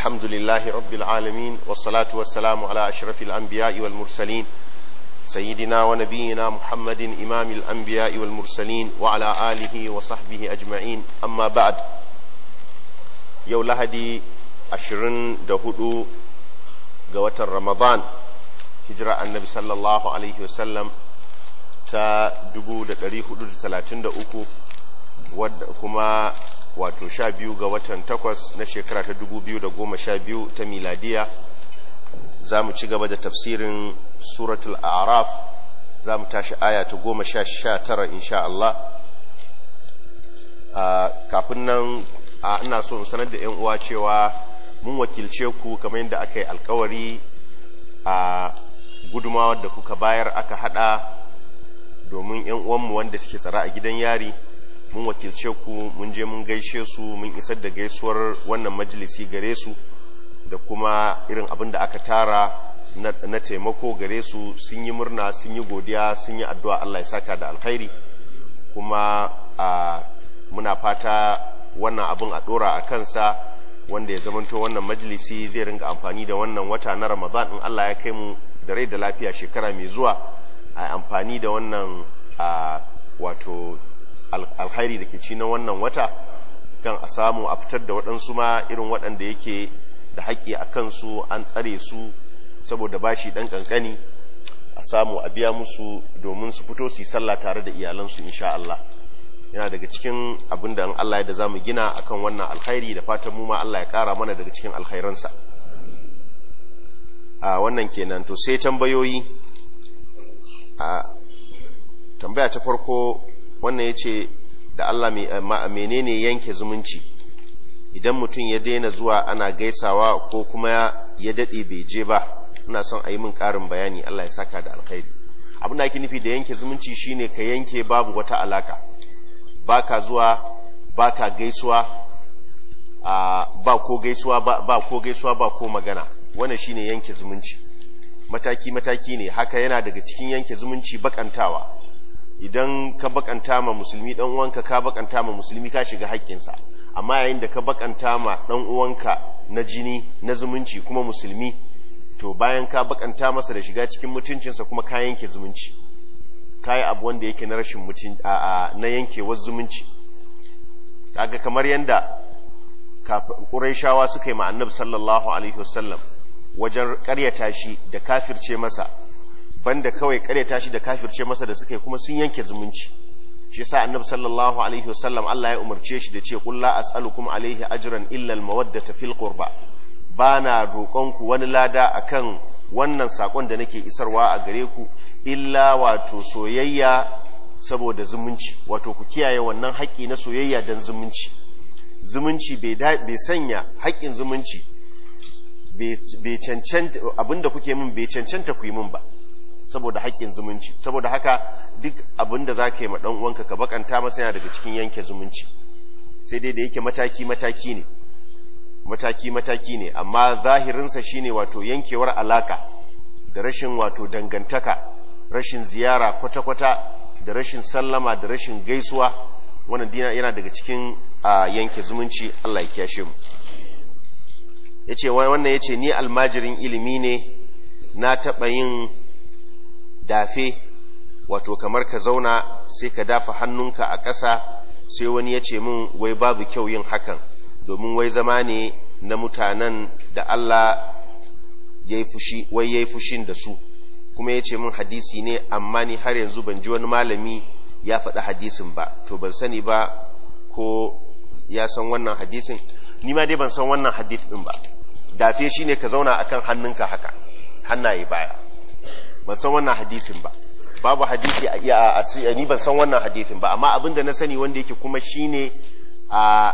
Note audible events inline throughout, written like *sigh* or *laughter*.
الحمد لله رب العالمين والصلاة والسلام على أشرف الأنبياء والمرسلين سيدنا ونبينا محمد إمام الأنبياء والمرسلين وعلى آله وصحبه أجمعين أما بعد يو لهدي أشرن دهدو قوة رمضان هجرة النبي صلى الله عليه وسلم تا دبو دتريه دتلاتين دأوكو ود كما wato sha biyu ga watan takwas na shekara ta dubu biyu da goma sha biyu ta miladiya za mu ci gaba da tafsirin suratul araf za mu tashi aya ta goma sha sha tara insha Allah kafin nan ina so in sanar da yan uwa cewa mun wakilce ku kamar yadda aka yi alkawari a gudumawar da kuka bayar aka hada domin yan uwanmu wanda suke tsara a gidan yari mun wakilce ku mun je mun gaishe su mun isar da gaisuwar wannan majalisi gare su da kuma irin abin da aka tara na taimako gare su sun yi murna sun yi godiya sun yi addu'a Allah ya saka da alkhairi kuma muna fata wannan abin a dora a kansa wanda ya zamanto wannan majalisi zai ringa amfani da wannan wata na ramadan in Allah ya kai mu da rai da lafiya shekara mai zuwa a amfani da wannan wato alkhairi da ke ci na wannan wata kan a samu a fitar da waɗansu ma irin waɗanda yake da haƙƙi a kansu an tsare su saboda bashi ɗan ƙanƙani a samu a biya musu domin su fito su yi sallah tare da iyalansu insha Allah yana daga cikin abin da Allah ya da mu gina a kan wannan alkhairi da fatan mu ma Allah ya ƙara mana daga cikin alkhairansa a wannan kenan to sai tambayoyi a tambaya ta farko wannan ya ce da Allah menene yanke zumunci idan mutum ya daina zuwa ana gaisawa ko kuma ya daɗe bai je ba ina son a yi min ƙarin bayani Allah ya saka da alkhairi abin da ake nufi da yanke zumunci shine ka yanke babu wata alaka baka zuwa baka gaisuwa ba ko gaisuwa ba ko gaisuwa ba ko magana wannan shine yanke zumunci mataki mataki ne haka yana daga cikin yanke zumunci bakantawa idan ka bakanta ma musulmi dan uwanka ka bakanta ma musulmi ka shiga haƙƙinsa amma yayin da ka bakanta ma dan uwanka na jini na zumunci kuma musulmi to bayan ka bakanta masa da shiga cikin mutuncinsa kuma ka yanke zumunci ka yi abu wanda yake na rashin mutun a na yankewar zumunci kaga kamar yanda Qurayshawa suka yi ma Annabi sallallahu alaihi wasallam wajen ƙaryata shi da kafirce masa banda kawai karyata shi da kafirce masa da suka kuma sun yanke zumunci shi sa annabi sallallahu alaihi wasallam Allah ya umarce shi da ce kul la as'alukum alaihi ajran illa al mawaddata fil qurba bana roƙon ku wani lada akan wannan sakon da nake isarwa a gare ku illa wato soyayya saboda zumunci wato ku kiyaye wannan haƙƙi na soyayya dan zumunci zumunci bai sanya haƙƙin zumunci bai cancanta abinda kuke min bai cancanta ku yi min ba saboda haƙƙin zumunci saboda haka duk abin da za ka yi ma ɗan uwanka ka bakanta masa yana daga cikin yanke zumunci sai dai da yake mataki mataki ne mataki mataki ne amma zahirinsa shine wato yankewar alaka da rashin wato dangantaka rashin ziyara kwata-kwata da rashin sallama da rashin gaisuwa wannan dina yana daga cikin yanke zumunci Allah ya kiyashe mu ce wannan ce ni almajirin ilimi ne na taɓa yin dafe wato kamar ka zauna sai ka dafa hannunka a ƙasa sai wani ya ce min wai babu kyau yin hakan domin wai zama ne na mutanen da Allah wai ya wai yayi fushin da su kuma ya ce min hadisi ne amma ni har yanzu ban ji wani malami ya faɗi hadisin ba to ban sani ba ko ya san wannan hadisin ni ma dai ban san wannan hadisin ba dafe shine ka zauna a kan hannunka haka hannaye baya ban san wannan hadisin ba babu hadisi a ni ban san wannan hadisin ba amma abin da na sani wanda yake kuma shine a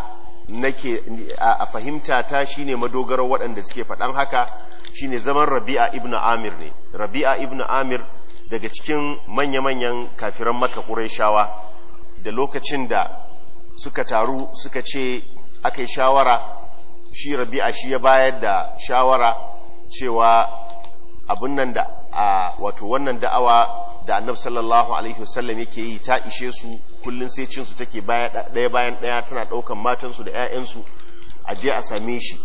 nake a fahimta ta shine madogaro waɗanda suke faɗan haka shine zaman Rabi'a ibn Amir ne Rabi'a ibn Amir daga cikin manya-manyan kafiran Makka Qurayshawa da lokacin da suka taru suka ce aka yi shawara shi Rabi'a shi ya bayar da shawara cewa abin nan da a wato wannan da'awa da annabi sallallahu alaihi wasallam yake yi ta ishe su kullun sai cin su take daya bayan daya tana daukan matan su da ƴaƴan su a je a same shi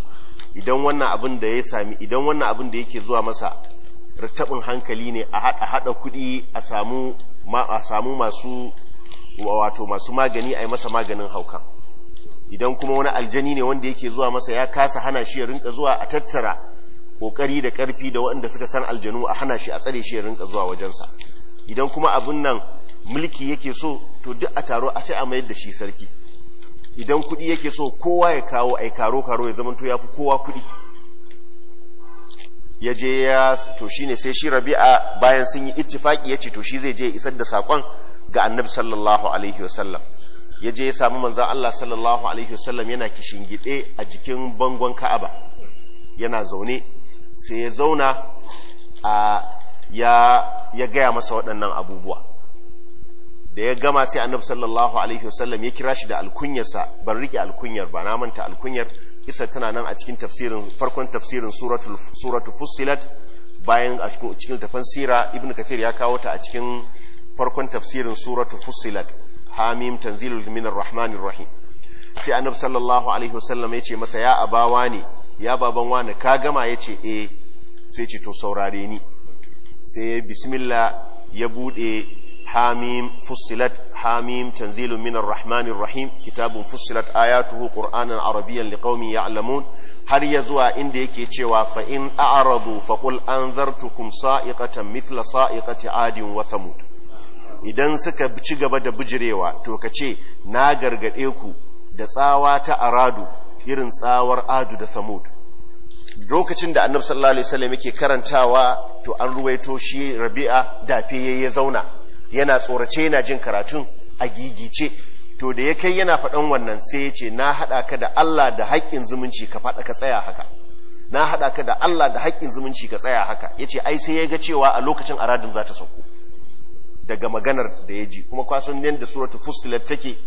idan wannan abin da ya sami idan wannan abin da yake zuwa masa rattabin hankali ne a hada hada kuɗi a samu a samu masu wato masu magani a yi masa maganin hauka idan kuma wani aljani ne wanda yake zuwa masa ya kasa hana shi ya rinka zuwa a tattara kokari da karfi da waɗanda suka san aljanu a hana shi a tsare shi ya rinka zuwa wajensa idan kuma abin nan mulki yake so to duk a taro a sai a mayar da shi sarki idan kuɗi yake so kowa ya kawo yi karo karo ya zamanto ya fi kowa kuɗi ya je ya to ne sai shi rabi'a bayan sun yi ittifaki ya ce to shi zai je ya isar da saƙon ga annabi sallallahu alaihi wasallam ya je ya samu manzan Allah sallallahu alaihi wasallam yana kishin gide a jikin bangon ka'aba yana zaune sai ya zauna a ya gaya masa waɗannan abubuwa da ya gama sai annabi sallallahu alaihi wasallam ya kira shi da alkunyarsa ban rike alkunyar ba na manta alkunyar isa tana nan a cikin tafsirin farkon tafsirin suratul suratul bayan a cikin tafan sira ibnu kafir ya kawo ta a cikin farkon tafsirin suratul fussilat hamim tanzilul minar rahmanir rahim sai annabi sallallahu alaihi wasallam ya ce masa ya abawa ne. ya baban wani ka gama ya ce e sai ce to saurare ni sai ya bismillah ya bude hamim fusilat hamim tanzilu minar rahmanir rahim kitabun fussilat ayatuhu qur'anan arabiyyan liqaumin ya'lamun har ya zuwa inda yake cewa fa in a'radu fa qul anzartukum sa'iqatan mitla sa'iqati adin wa thamud idan suka ci gaba da bijirewa to kace na gargade ku da tsawa ta aradu irin tsawar adu da samud lokacin da annabi sallallahu alaihi wasallam yake karantawa to an ruwaito shi rabi'a dafe ya zauna yana tsorace yana jin karatun a gigice to da ya kai yana faɗan wannan sai yace ce na haɗa ka da Allah da haƙƙin zumunci ka faɗa ka tsaya haka na haɗa ka da Allah da haƙƙin zumunci ka tsaya haka Yace ai sai ya ga cewa a lokacin aradin za ta sauko daga maganar da ya ji kuma kwasan yadda suratu fusilat take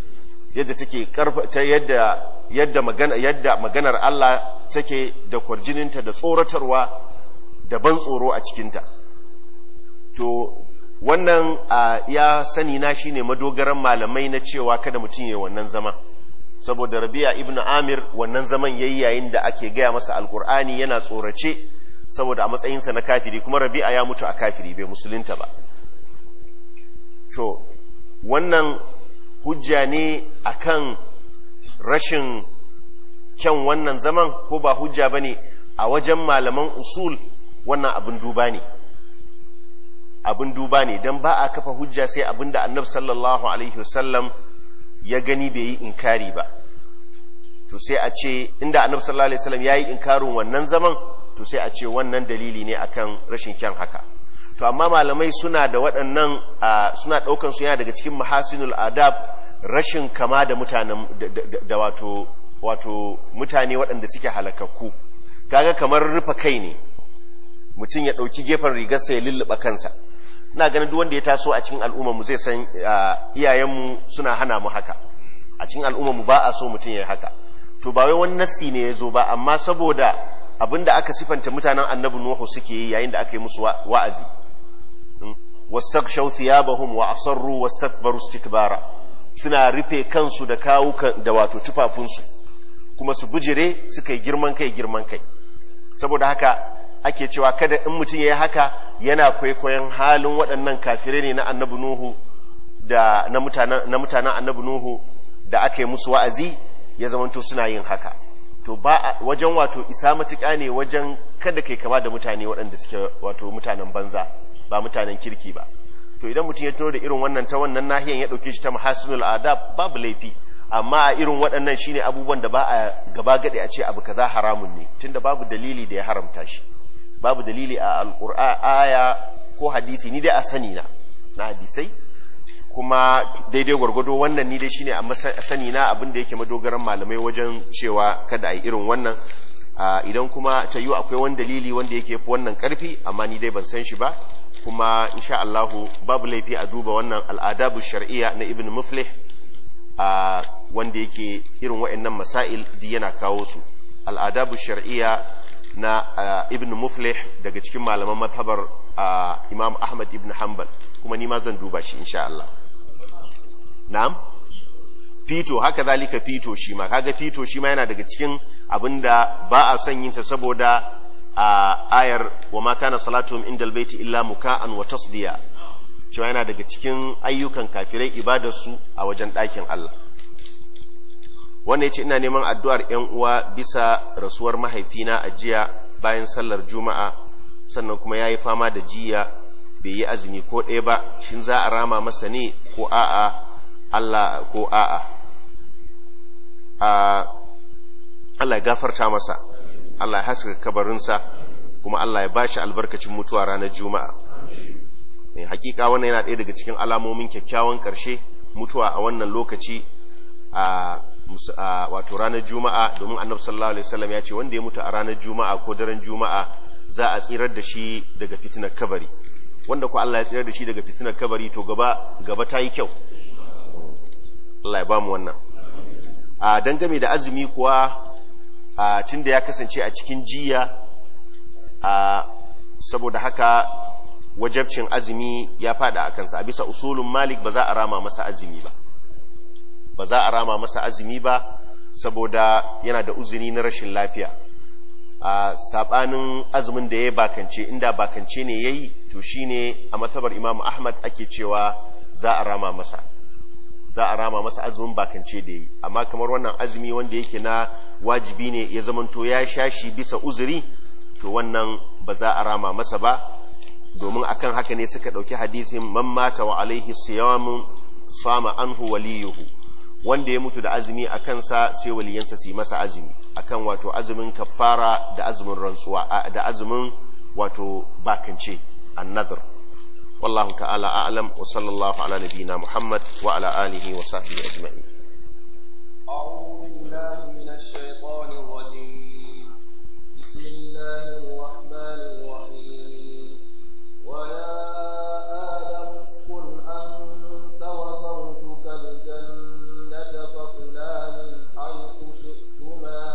yadda take karfa ta yadda yadda magana yadda maganar Allah take da kwarjininta da tsoratarwa da ban tsoro a cikinta to wannan ya sani na shine madogaran malamai na cewa kada mutum ya wannan zama saboda rabi'a ibnu amir wannan zaman yayi yayin da ake gaya masa alkur'ani yana tsorace saboda a matsayinsa na kafiri kuma rabi'a ya mutu a kafiri bai musulunta ba to wannan hujja ne akan rashin kyan wannan zaman ko ba hujja ba ne a wajen malaman usul wannan abin duba ne abin duba ne don ba a kafa hujja sai abin da annab sallallahu alaihi wasallam ya gani bai yi inkari ba to sai a ce inda annab sallallahu alaihi wasallam ya yi inkarin wannan zaman to sai a ce wannan dalili ne akan rashin kyan haka to amma malamai suna da waɗannan suna ɗaukan su yana daga cikin mahasinul adab rashin kama da mutanen da wato mutane waɗanda suke halakakku kaga kamar rufe kai ne mutum ya ɗauki gefen rigarsa ya lulluɓa kansa na ganin duk wanda ya taso a cikin al'ummarmu zai san iyayenmu suna hana mu haka a cikin al'ummarmu ba a so mutum ya yi haka to ba wai wani nassi ne ya zo ba amma saboda abin da aka sifanta mutanen annabi nuhu suke yi yayin da aka yi musu wa'azi hmm? wastakshaw thiyabahum wa asarru wastakbaru istikbara suna rufe kansu da kawo da wato tufafunsu kuma su bujire suka yi girman kai girman kai saboda haka ake cewa kada in mutum ya yi haka yana kwaikwayon halin waɗannan kafirai ne na annabi da na mutanen annabi nuhu da aka yi musu wa'azi ya zamanto suna yin haka to ba wajen wato isa matuƙa ne wajen kada kai kama da mutane waɗanda suke wato mutanen banza ba mutanen kirki ba to idan mutum ya tuno da irin wannan ta wannan nahiyan ya dauke shi ta mahasinul adab babu laifi amma a irin waɗannan shine abubuwan da ba a gaba gade a ce abu kaza haramun ne tunda babu dalili da ya haramta shi babu dalili a alqur'a aya ko hadisi ni dai a sani na na hadisai kuma daidai gwargwado wannan ni dai shine a sani na abin da yake madogaran malamai wajen cewa kada a yi irin wannan idan kuma ta yiwu akwai wani dalili wanda yake fi wannan karfi amma ni dai ban san shi ba kuma insha Allahu babu laifi a duba wannan al'adabu shar'iyya na ibn muflih a wanda yake irin wa'annan masail da yana kawo su al'adabu shar'iyya na ibn muflih daga cikin malaman mazhabar imam ahmad ibn hanbal kuma ni ma zan duba shi insha Allah na'am fito haka zalika fito shi ma kaga fito shi ma yana daga cikin abinda ba a son yin sa saboda a ayar wa ma kana min indal baiti illa muka'an wa tasdiya cewa yana daga cikin ayyukan kafirai ibadarsu a wajen ɗakin Allah wannan yace ina neman addu'ar ƴan uwa bisa rasuwar mahaifina a jiya bayan sallar juma'a sannan kuma yayi fama da jiya bai yi azumi ko ɗaya ba shin za a rama masa ne ko a'a Allah ko a'a a Allah gafarta masa Allah ya haska kabarinsa kuma Allah ya bashi albarkacin mutuwa ranar juma'a eh, hakika wannan yana ɗaya daga cikin alamomin kyakkyawan ƙarshe mutuwa a wannan lokaci a wato ranar juma'a domin annab sallallahu alaihi wasallam ya ce wanda ya mutu a ranar juma'a ko daren juma'a za a tsirar da shi daga fitinar kabari wanda ku Allah ya tsirar da shi daga fitinar kabari to gaba gaba ta yi kyau Allah ya ba mu wannan a dangane da azumi kuwa a tunda ya kasance a cikin jiya a saboda haka wajabcin azumi ya fada a kansa a bisa usulun malik ba za a rama masa azumi ba ba za a rama masa azumi ba saboda yana da uzuri na rashin lafiya a sabanin azumin da ya bakance inda bakance ne ya yi to shine a matsabar imamu ahmad ake cewa za a rama masa za a rama masa azumin bakance da yi amma kamar wannan azumi wanda yake na wajibi ne ya zamanto ya shashi bisa uzuri to wannan ba za a rama masa ba domin akan haka ne suka ɗauki hadisin man mata wa alaihi siyamun sama anhu waliyuhu wanda ya mutu da azumi a kansa sai waliyansa su yi masa azumi akan wato azumin kafara da azumin rantsuwa da azumin wato bakance nazar. والله تعالى أعلم وصلى الله على نبينا محمد وعلى آله وصحبه أجمعين أعوذ بالله من الشيطان الرجيم بسم الله الرحمن الرحيم ويا آدم اسكن أنت الجنة من حيث شئتما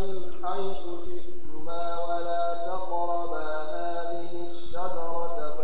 من حيث شئتما ولا تقربا هذه شجرة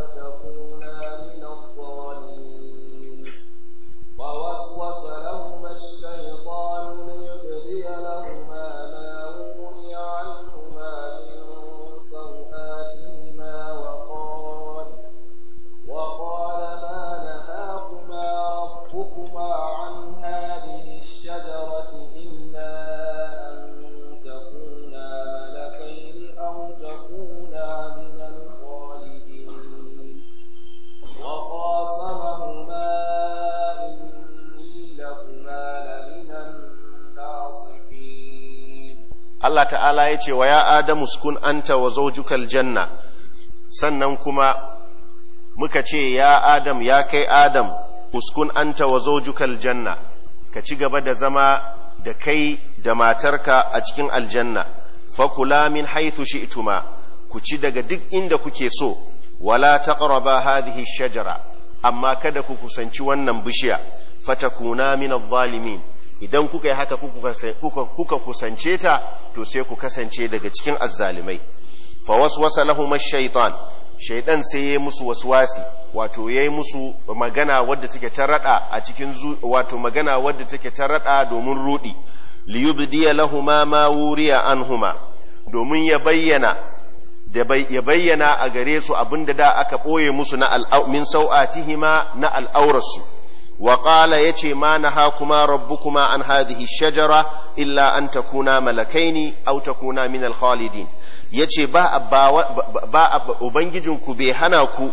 ta'ala ya ce wa ya adamu sukun anta wa zojukal janna sannan kuma muka ce ya adam ya kai adam uskun anta wa zojukal janna ka ci gaba da zama da kai da matarka a cikin aljanna fakula min haithu ituma ku ci daga duk inda kuke so wala taqraba hadhihi shajara amma kada ku kusanci wannan bishiya fata kuna min adh idan kuka yi haka kuka kusance ta to sai ku kasance daga cikin azzalimai fa waswasa lahum ash-shaytan shaydan sai yayi musu waswasi wato yayi musu magana wadda take ta a cikin wato magana wadda take ta raɗa domin rudi liyubdiya lahuma ma wuriya anhuma domin ya bayyana ya bayyana a gare su abinda da aka boye musu na min sau'atihima na al'aurarsu wa qala yace ma nahakuma rabbukuma an hadhihi shajara illa an takuna malakaini aw takuna min al-khalidin yace ba ba ubangijinku bai hana ku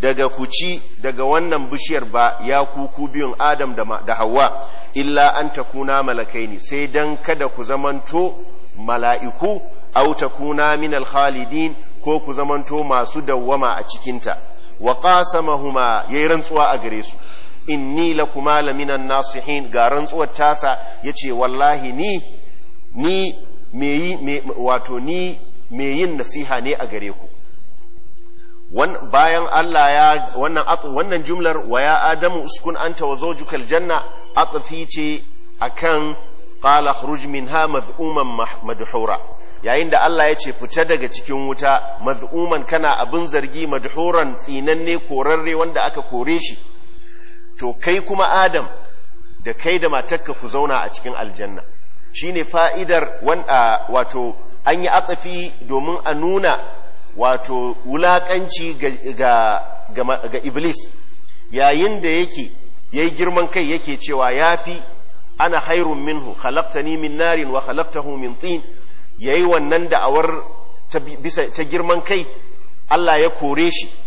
daga ku ci daga wannan bishiyar ba ya kuku biyun adam da hawa illa an takuna malakaini sai dan kada ku zamanto mala'iku aw takuna min al-khalidin ko ku zamanto masu dawwama a cikinta wa qasamahuma yayi rantsuwa a gare su inni kuma laminan nasihin ga rantsuwar tasa yace wallahi ni ni meyi wato ni meyin nasiha ne a gare ku bayan Allah ya wannan wannan jumlar wa ya adamu uskun anta wa zawjukal janna atfi ce akan qala khruj minha madhuman madhura yayin da Allah ya ce fita daga cikin wuta madhuman kana abin zargi madhuran tsinanne korarre wanda aka kore shi to kai kuma adam da kai da matarka ku zauna a cikin aljanna shine fa'idar wato an yi atsafi domin a nuna wato wulaƙanci ga, iblis yayin da yake ya yi girman kai yake cewa ya fi ana hairun minhu ni min narin wa hu min tsin ya yi wannan da'awar ta, bisa, ta girman kai Allah ya kore shi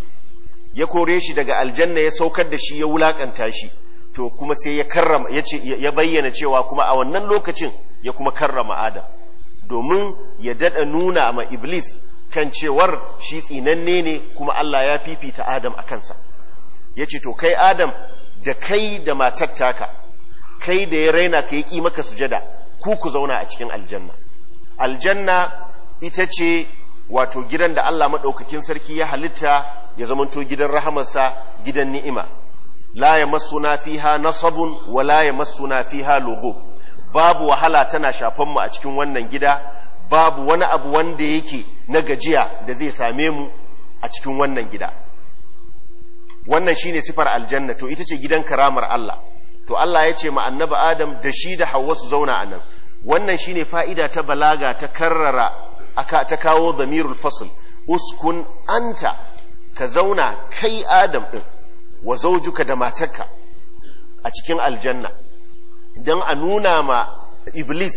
ya kore shi daga aljanna ya saukar da shi ya wulakanta shi to kuma sai ya karrama ya ce ya bayyana cewa kuma a wannan lokacin ya kuma karrama adam domin ya dada nuna ma iblis kan cewar shi tsinanne ne kuma Allah ya fifita adam a kansa ya ce to kai adam da kai da matar taka kai da ya raina ka yi maka sujada ku ku zauna a cikin aljanna aljanna ita ce wato gidan da Allah maɗaukakin sarki ya halitta ya zamanto gidan rahamarsa gidan ni'ima la ya masuna fiha nasabun wa la ya masuna fiha logo. babu wahala tana shafan mu a cikin wannan gida babu wani abu wanda yake na gajiya da zai same mu a cikin wannan gida wannan shine sifar aljanna to ita ce gidan karamar Allah to Allah ya ce ma annabi Adam da shi da Hawwa su zauna a nan wannan shine fa'ida ta balaga ta karrara aka ta kawo dhamirul fasl uskun anta ka zauna kai adam ɗin wa zaujuka da matarka a cikin aljanna don a nuna ma iblis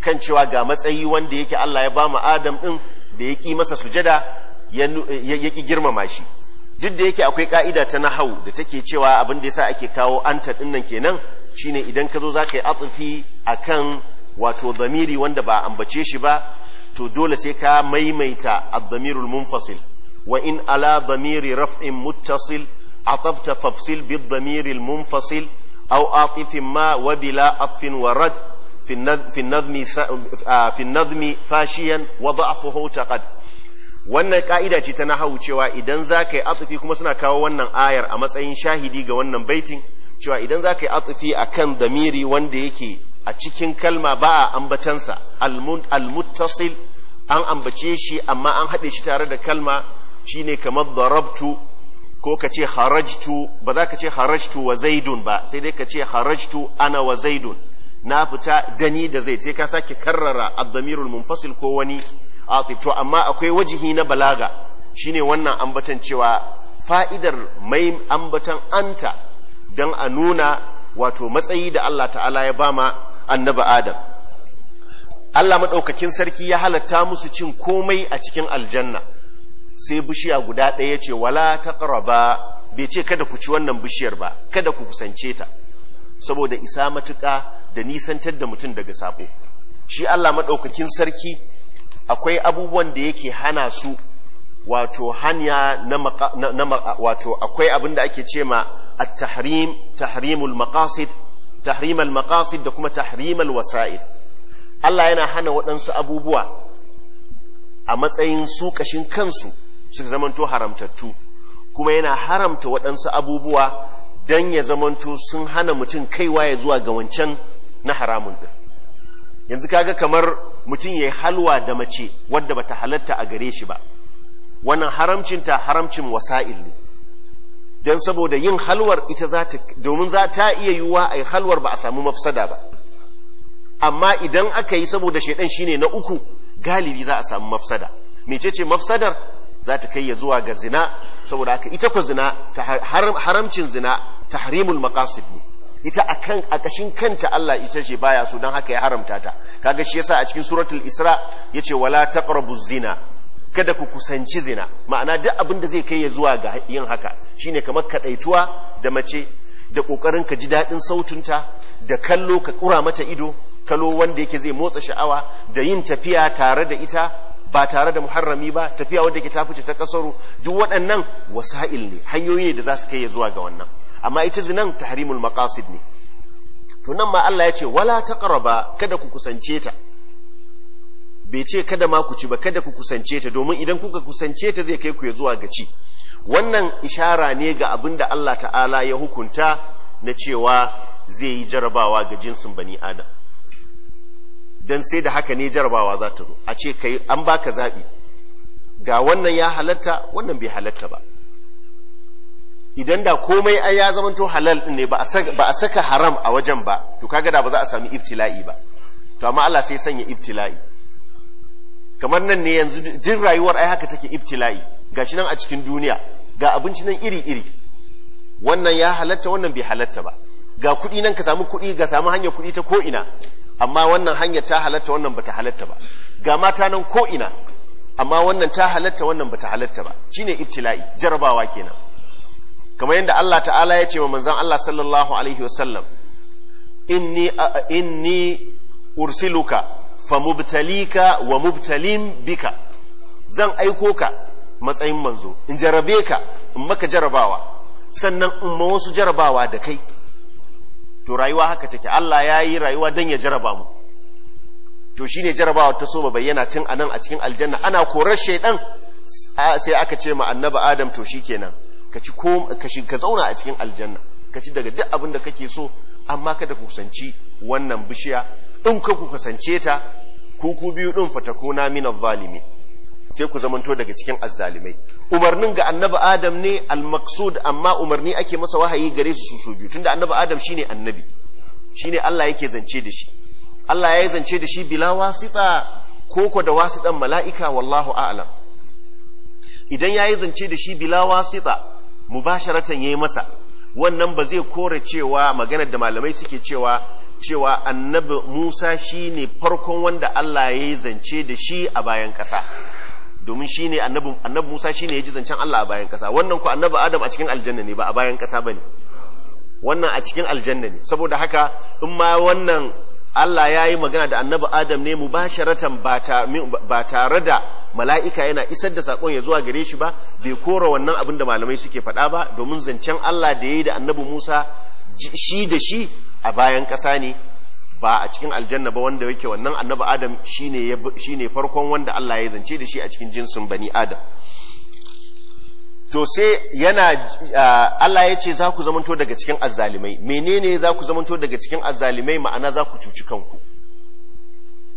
kan cewa ga matsayi wanda yake Allah ya ba mu adam ɗin da ya ƙi masa sujada ya ƙi girmama shi duk da yake akwai ƙa'ida ta nahau da take cewa abin da ya yasa ake kawo anta ɗin nan kenan shine idan ka zo za ka yi atsufi a kan wato zamiri wanda ba a ambace shi ba to dole sai ka maimaita addamirul munfasil وإن على ضمير رفع متصل عطفت فافصل بالضمير المنفصل أو عاطف ما وبلا عطف ورد في النظم في النظم فاشيا وضعفه تقد wannan ka'ida ce tana nahawu cewa idan za ka yi kuma suna kawo wannan ayar a matsayin shahidi ga wannan baitin cewa idan za ka yi atufi a kan damiri wanda yake a cikin kalma ba a ambatansa almuttasil an ambace shi amma an haɗe shi tare da kalma Shi ne kamar darabtu ko ka ce harajtu ba za ka ce harajtu wa zaidun ba sai dai ka ce harajtu ana wa zaidun na fita dani da zaid sai ka sake karrara addamirul munfasil ko wani atif to amma akwai wajihi na balaga shine wannan ambatan cewa fa'idar mai ambatan anta dan a nuna wato matsayi da Allah ta'ala ya bama annabi adam Allah madaukakin sarki ya halatta musu cin komai a cikin aljanna sai bishiya guda ɗaya ce wala taqraba bai ce kada ku ci wannan bishiyar ba kada ku kusance ta saboda isa matuƙa da nisantar da mutum daga sabo shi Allah maɗaukakin sarki akwai abubuwan da yake hana su wato hanya na, wato akwai abin da ake ce ma at-tahrim tahrimul maqasid tahrimal maqasid da kuma tahrimal wasa'id Allah yana hana waɗansu abubuwa a matsayin su kashin kansu Su zamanto haramtattu kuma yana haramta waɗansu abubuwa don ya zamanto sun hana mutum kaiwa ya zuwa ga wancan na haramun ɗin yanzu kaga kamar mutum ya halwa da mace wadda bata halatta a gare shi ba wannan haramcinta haramcin wasa'il ne don saboda yin halwar ita za ta domin za ta iya yiwuwa a yi halwar ba a samu mafsada ba amma idan aka yi saboda shaidan shine na uku galibi za a samu mafsada mecece mafsadar za ta kai ya zuwa ga zina saboda haka ita ku zina haramcin zina tahrimul maqasid ne ita akan a kashin kanta Allah ita ce baya so dan haka ya haramta ta kaga shi yasa a cikin suratul isra yace wala taqrabu zina kada ku kusanci zina ma'ana duk abin da zai kai ya zuwa ga yin haka shine kamar kadaituwa da mace da kokarin ka ji dadin sautunta da kallo ka kura mata ido kalo wanda yake zai motsa sha'awa da yin tafiya tare da ita ba tare da muharrami ba tafiya wadda ke fice ta kasaru duk waɗannan wasa'il ne hanyoyi ne da za su kai ya zuwa ga wannan amma ita zinan tahrimul maqasid ne to nan ma Allah ya ce wala taqraba kada ku kusance ta bai ce kada ma ku ci ba kada ku kusance ta domin idan kuka kusance ta zai kai ku zuwa ga ci wannan ishara ne ga abin da Allah ta'ala ya hukunta na cewa zai yi jarabawa ga jinsin bani adam don sai da haka ne jarabawa za ta zo a ce kai an baka zaɓi ga wannan ya halatta wannan bai halatta ba idan da komai ai ya zamanto halal ne ba a saka haram a wajen ba to kaga da ba za a sami ibtila'i ba to amma Allah sai sanya ibtila'i kamar nan ne yanzu din rayuwar ai haka take ibtila'i gashi nan a cikin duniya ga abinci nan iri-iri wannan ya halatta wannan bai halatta ba ga kuɗi nan ka samu kuɗi ga samu hanyar kuɗi ta ko'ina amma wannan hanyar ta halatta wannan bata halatta ba ga mata nan ko ina amma wannan ta halatta wannan bata halatta ba shine ibtila'i jarabawa kenan kamar yadda Allah ta'ala ya ce wa manzon Allah sallallahu alaihi wasallam inni inni ursiluka famubtalika wa mubtalim bika zan aiko ka matsayin manzo in jarabe ka in maka jarabawa sannan in ma wasu jarabawa da kai to rayuwa haka take Allah ya yi rayuwa don ya jaraba mu to shi ne jarabawa ta so ba bayyana tun a nan a cikin aljanna ana korar shaidan sai aka ce ma annaba adam to shi kenan ka ci ko ka zauna a cikin aljanna ka ci daga duk abin da kake so amma kada ku kusanci wannan bishiya in ka ku kusance ta ku ku biyu din fatakuna minadh zalimi sai ku zamanto daga cikin azzalimai umarnin ga annabi adam ne al-maqsud amma umarni ake masa wahayi gare su su biyu tunda annabi adam shine annabi shine Allah yake zance da shi Allah ya yi zance da shi bila wasita koko da wasitan mala'ika wallahu a'lam idan ya yi zance da shi bila wasita mubasharatan ya yi masa wannan ba zai kore cewa maganar da malamai suke cewa cewa annabi Musa shine farkon wanda Allah ya yi zance da shi a bayan kasa. domin shine ne annabi Musa shine ya ji zancen Allah a bayan kasa wannan ku annabi Adam a cikin aljanna ne ba a bayan kasa ne. wannan a cikin aljanna ne saboda haka in ma wannan Allah ya yi magana da annabi Adam ne mubasharatan ba tare da mala'ika yana isar da saƙon ya zuwa gare shi ba, bai kora wannan abin da malamai suke faɗa ba domin zancen Allah da ya yi da annabi Musa shi da shi a bayan ƙasa ne ba a cikin aljanna ba wanda yake wannan annabi adam shine farkon wanda Allah ya zance da shi a cikin jinsin bani adam to sai yana Allah ya ce za ku zamanto daga cikin azzalimai menene za ku zamanto daga cikin azzalimai ma'ana za ku cuci kanku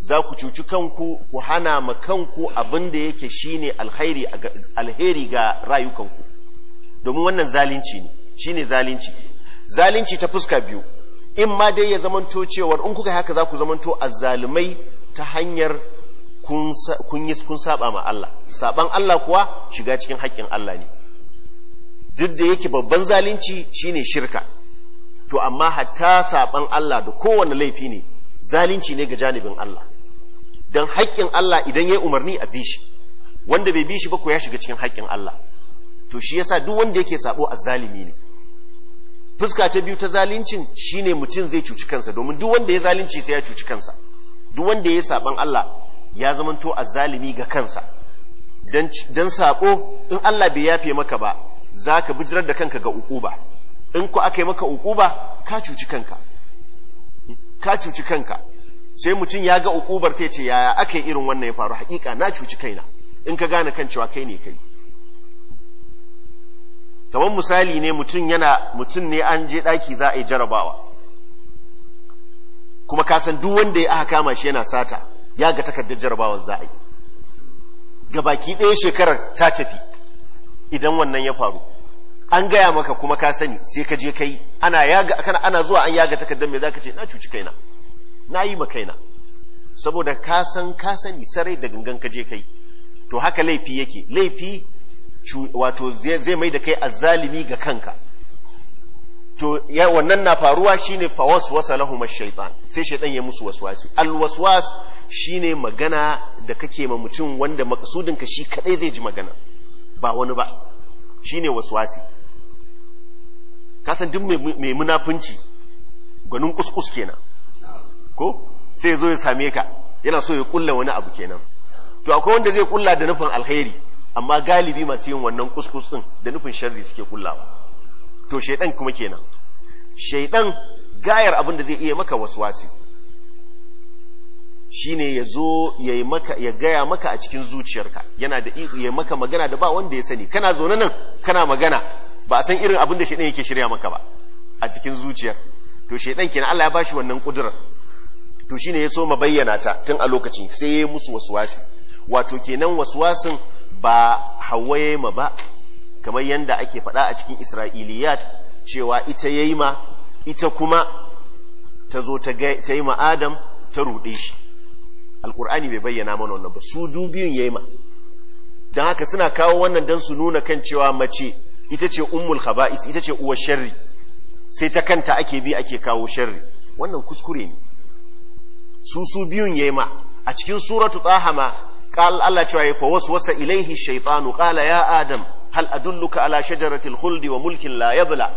za ku cuci kanku ku hana ma kanku abin da yake shine alheri alheri ga rayukanku domin wannan zalunci ne shine zalunci zalunci ta fuska biyu in ma dai ya zamanto cewar in kuka haka za ku zamanto azzalumai ta hanyar kun yi kun saba ma Allah saban Allah kuwa shiga cikin haƙƙin Allah ne duk da yake babban zalunci shine shirka to amma hatta saban Allah da kowane laifi ne zalunci ne ga janibin Allah don haƙƙin Allah idan ya yi umarni a bishi wanda bai bishi ba ko ya shiga cikin haƙƙin Allah to shi yasa duk wanda yake sabo azzalimi ne fuska ta biyu ta zalincin shine mutum zai cuci kansa domin duk wanda ya zalunci sai ya cuci kansa duk wanda ya saban Allah ya zamanto azzalimi ga kansa dan sako in Allah bai yafe maka ba zaka bijirar da kanka ga ukuba in ku aka yi maka ukuba ka cuci kanka ka cuci kanka sai mutum ya ga ukubar sai ce yaya aka yi irin wannan ya faru hakika na cuci kaina in ka gane kan cewa kai ne kai kamar misali ne mutum yana mutum ne an je ɗaki za a yi jarabawa kuma ka duk wanda ya aka kama shi yana sata ya ga takardar jarabawar za a yi gabaki ɗaya shekarar ta tafi idan wannan ya faru an gaya maka kuma ka sani sai ka je kai ana ana zuwa an yaga takardar me zaka ce na cuci kaina na yi ma kaina saboda ka san ka sani sarai da gangan ka je kai to haka laifi yake laifi wato zai mai da kai zalimi ga kanka to ya wannan na faruwa shine fawaswasa lahum ash-shaytan sai shaytan ya musu waswasi al shine magana da kake ma mutum wanda makasudin ka shi kadai zai ji magana ba wani ba shine waswasi kasan duk mai munafunci gwanin kuskus kenan ko sai zo ya same ka yana so ya kulla wani abu kenan to akwai wanda zai kulla da nufin alheri amma galibi masu yin wannan kuskus da nufin sharri suke kullawa to shaidan kuma kenan shaidan gayar abin da zai iya maka waswasi shine ya zo ya yi maka ya gaya maka a cikin zuciyarka yana da ya maka magana da ba wanda ya sani kana zaune nan kana magana ba a san irin abin da shaidan yake shirya maka ba a cikin zuciyar to shaidan kenan Allah ya bashi wannan kudurar to shine ya so ma bayyana ta tun a lokacin sai ya musu waswasi wato kenan waswasin ba hawa ya ma ba kamar yadda ake faɗa a cikin isra'iliyat cewa ita ya ma ita kuma ta zo ta yi ma adam ta ruɗe shi alkur'ani bai bayyana mana wannan ba su dubiyun ya yi ma don haka suna kawo wannan don su nuna kan cewa mace ita ce ummul khaba'is ita ce uwa sharri sai ta kanta ake bi ake kawo sharri wannan kuskure ne su su biyun ya yi ma a cikin suratu tsahama قال الله تعالى فوسوس إليه الشيطان قال يا آدم هل أدلك على شجرة الخلد وملك لا يبلى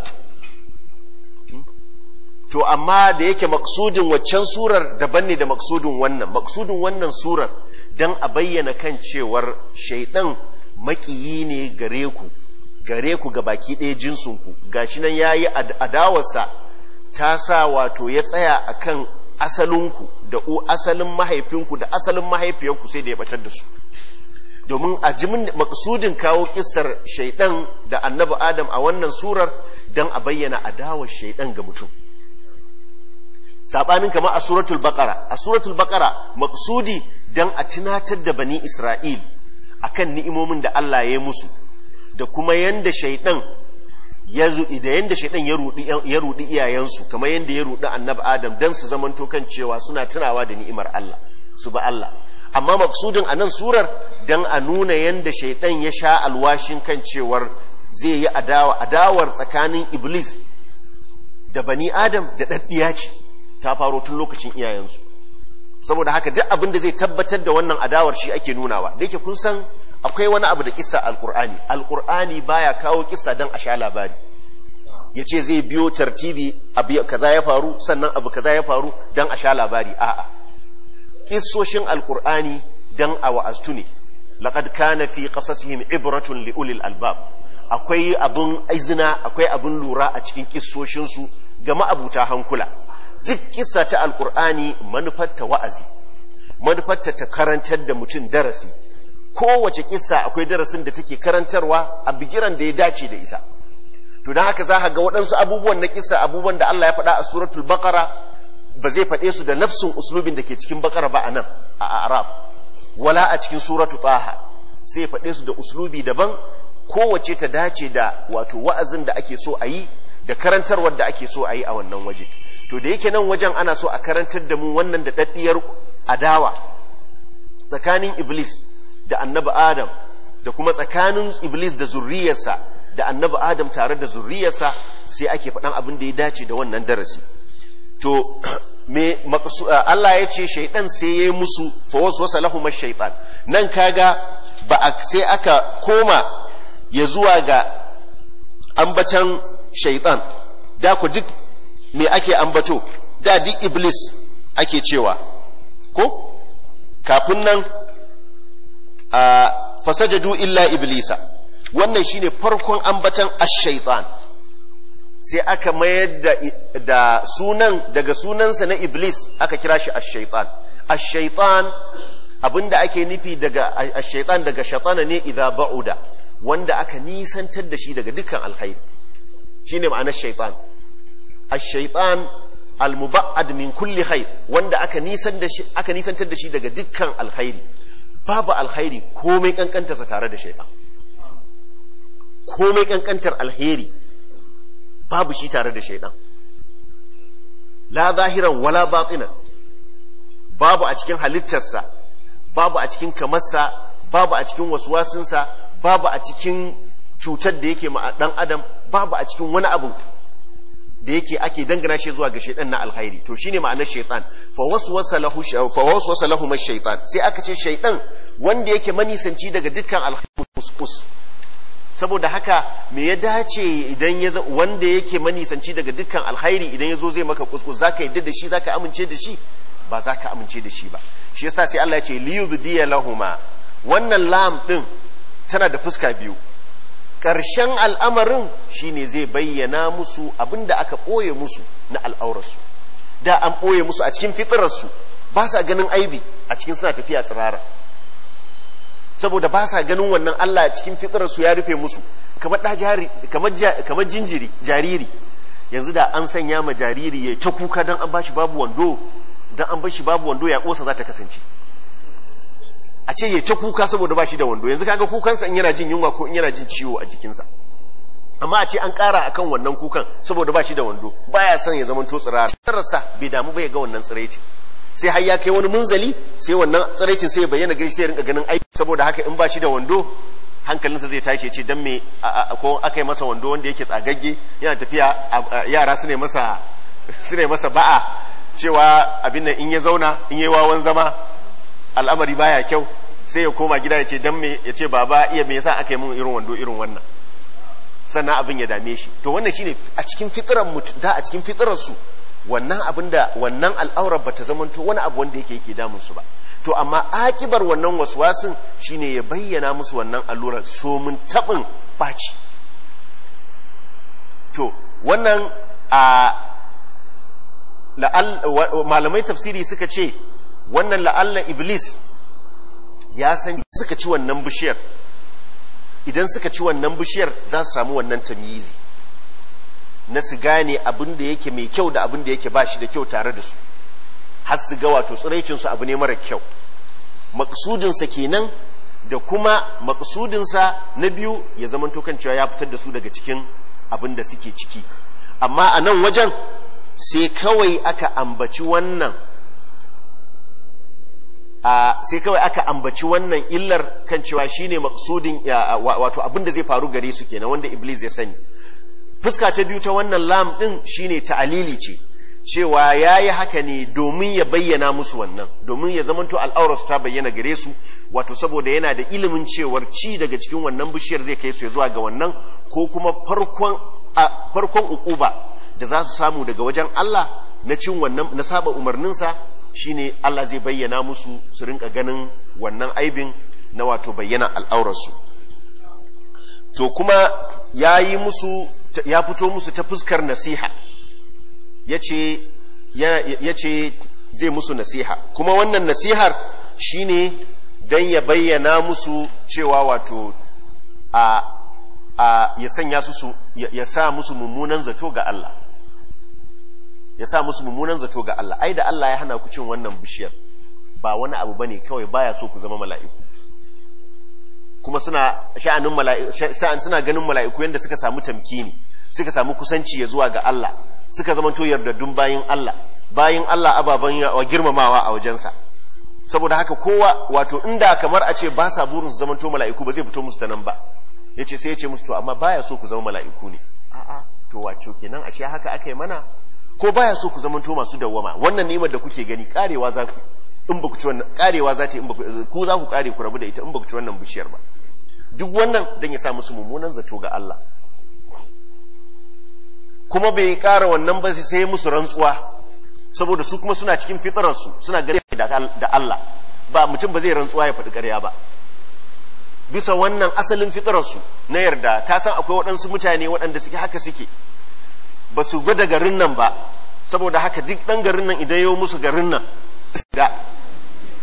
to amma da yake maksudin waccan surar daban ne da maksudin wannan maksudin wannan surar don a bayyana kan cewar shaidan makiyi ne gare ku gare ku ga baki ɗaya jinsinku gashi nan ya yi adawarsa ta sa wato ya tsaya akan asalinku da u asalin mahaifinku da asalin mahaifiyarku sai da ya batar da su domin a jimin maksudin kawo kissar shaidan da annabi adam a wannan surar don a bayyana adawar shaidan ga mutum sabanin kama a suratul bakara a suratul bakara maksudi don a tunatar da bani isra'il akan ni'imomin da Allah ya yi musu da kuma yanda shaidan da yanda shaidan ya rudi iyayensu kamar yadda ya rudi annabi adam dan su zamanto kan cewa suna tunawa da ni'imar Allah su ba Allah amma maksudin anan surar dan a nuna yanda shaidan ya sha alwashin kan cewar zai yi adawa adawar tsakanin iblis da bani adam da ɗaɗɗiya ce ta faro tun lokacin iyayensu saboda haka duk abin da zai tabbatar da wannan adawar shi ake nunawa da yake kun san akwai wani abu da kisa alkur'ani alkur'ani baya kawo kisa don a sha labari ya ce zai biyo tartibi abu kaza ya faru sannan abu kaza ya faru don a sha labari a'a kisoshin alkur'ani don a wa'astu ne ka kana fi ƙasashen ibratun li albab akwai abun izina akwai abun lura a cikin kisoshinsu su ga ma'abuta hankula duk kisa ta alkur'ani manufarta wa'azi manufarta ta karantar da mutum darasi kowace kissa akwai darasin da take karantarwa a bigiran da ya dace da ita to don haka za a ga waɗansu abubuwan na kisa abubuwan da Allah ya faɗa a suratul baqara ba zai faɗe su da nafsun uslubin da ke cikin baqara ba a nan a araf wala a cikin suratu taha sai faɗe su da uslubi daban kowace ta dace da wato wa'azin da ake so a yi da karantarwar da ake so a yi a wannan waje to da yake nan wajen ana so a karantar da mu wannan da daddiyar adawa tsakanin iblis da annabi adam da kuma tsakanin iblis da zurriyarsa da annabi adam tare da zurriyarsa sai ake faɗan abin da ya dace da wannan darasi to *clears throat* me Allah ya ce shaytan sai ya musu fa waswasa lahum ash-shaytan nan kaga ba sai aka koma ya zuwa ga ambatan shaytan da ku duk me ake ambato da duk iblis ake cewa ko kafin nan fasajadu illa iblisa wannan shine farkon ambatan ash-shaytan sai aka mayar da, da sunan daga sunansa na iblis aka kira shi ash-shaytan ash-shaytan abinda ake nufi daga ash-shaytan daga shaytana ne idza ba'uda wanda aka nisantar da shi daga dukkan alkhairi shine ma'anar shaytan ash-shaytan al-muba'ad min kulli khair wanda aka nisan da shi aka nisantar da shi daga dukkan alkhairi babu alkhairi komai sa tare da shaitan komai kankantar alheri babu shi tare da shaidan la zahiran wala batinan babu a cikin halittarsa babu a cikin kamarsa babu a cikin wasuwasinsa babu a cikin cutar da yake ma dan adam babu a cikin wani abu da yake ake dangana shi zuwa ga shaitan na alkhairi to shine ma'anar shaitan fa waswasa lahu fa shaitan sai aka ce shaitan wanda yake manisanci daga dukkan alkhairu saboda haka me ya dace idan ya wanda yake manisanci daga dukkan alkhairi idan ya zo zai maka kuskus zaka yadda da shi zaka amince da shi ba za ka amince da shi ba shi yasa sai Allah ya ce liyubdiya lahumma wannan lam din tana da fuska biyu ƙarshen al'amarin shine zai bayyana musu abin da aka ɓoye musu na al'aurarsu da an ɓoye musu a cikin fitirarsu ba sa ganin aibi a cikin suna tafiya tsirara saboda ba sa ganin wannan Allah a cikin fitirarsu ya rufe musu kamar jinjiri jariri yanzu da an sanya ma jariri ya ta kuka don an ba shi babu wando ya kosa za ta kasance a ce ya ta kuka saboda ba shi da wando yanzu kaga kukansa in yana jin yunwa ko in yana jin ciwo a jikinsa amma a ce an ƙara akan wannan kukan saboda ba shi da wando baya son ya zamanto tsirara tsirarsa bai damu ba ya ga wannan tsiraicin sai har ya kai wani munzali sai wannan tsiraicin sai ya bayyana gari sai ya rinka ganin aiki saboda haka in ba shi da wando hankalinsa zai tashi ya ce dan me ko aka yi masa wando wanda yake tsagagge yana tafiya yara su ne masa *laughs* su ba'a cewa abin nan in ya zauna in yi wawan zama al'amari baya kyau sai ya koma gida ya ce dan me ya ce baba iya me yasa aka yi mun irin wando irin wannan sannan abin ya dame shi to wannan shine a cikin fitiran mutu da a cikin fitiran su wannan abin da wannan al'aurar bata zamanto wani abu wanda yake yake damun su ba to amma akibar wannan waswasin shine ya bayyana musu wannan allurar so mun tabin baci to wannan a malamai tafsiri suka ce wannan la'alla iblis ya san suka ci wannan bishiyar idan suka ci wannan bishiyar za su samu wannan tamyizi na su gane abin da yake mai kyau da abin da yake ba shi da kyau tare da su har su ga wato tsiraicinsu abu ne mara kyau maksudinsa kenan da kuma maksudinsa na biyu ya zama kan cewa ya fitar da su daga cikin abin da suke ciki amma a nan wajen sai kawai aka ambaci wannan sai kawai aka ambaci wannan illar kan cewa shine maksudin wato abin da zai faru gare su kenan wanda iblis ya sani fuska ta biyu ta wannan lam din shine ta'alili ce cewa yayi haka ne domin ya bayyana musu wannan domin ya zamanto al'aurar ta bayyana gare su wato saboda yana da ilimin cewar ci daga cikin wannan bishiyar zai kai su zuwa ga wannan ko kuma farkon farkon ukuba da za su samu daga wajen Allah na cin wannan na saba umarninsa shine Allah zai bayyana musu su rinka ganin wannan aibin na wato bayyana al'aurarsu to kuma ya yi musu ya fito musu ta fuskar nasiha ya ce zai musu nasiha kuma wannan nasihar shine don ya bayyana musu cewa wato a ya sanya su ya sa musu mummunan zato ga Allah ya sa musu mummunan zato ga Allah ai da Allah ya hana ku cin wannan bishiyar ba wani abu bane kawai baya so ku zama mala'iku kuma suna sha'anin mala'iku suna ganin mala'iku yanda suka samu tamkini suka samu kusanci ya zuwa ga Allah suka zama to yardaddun bayin Allah bayin Allah ababan girmamawa a wajensa saboda haka kowa wato inda kamar a ce ba sa burin su zama to mala'iku ba zai fito musu ta nan ba yace sai yace musu to amma baya so ku zama mala'iku ne a'a to wato kenan ashe haka aka yi mana ko baya so ku zamanto masu dawwama wannan ni'imar da kuke gani karewa za ku in ba ku ci wannan karewa za ta in ba ku za ku kare ku rabu da ita in ba ci wannan bishiyar ba duk wannan dan ya sa musu mummunan zato ga Allah kuma bai kara wannan ba sai musu rantsuwa saboda su kuma suna cikin fitararsu suna gare da Allah ba mutum ba zai rantsuwa ya faɗi ƙarya ba bisa wannan asalin su na yarda ka san akwai waɗansu mutane waɗanda suke haka suke ba su gwada garin nan ba saboda haka duk ɗan garin nan idan yau musu garin nan da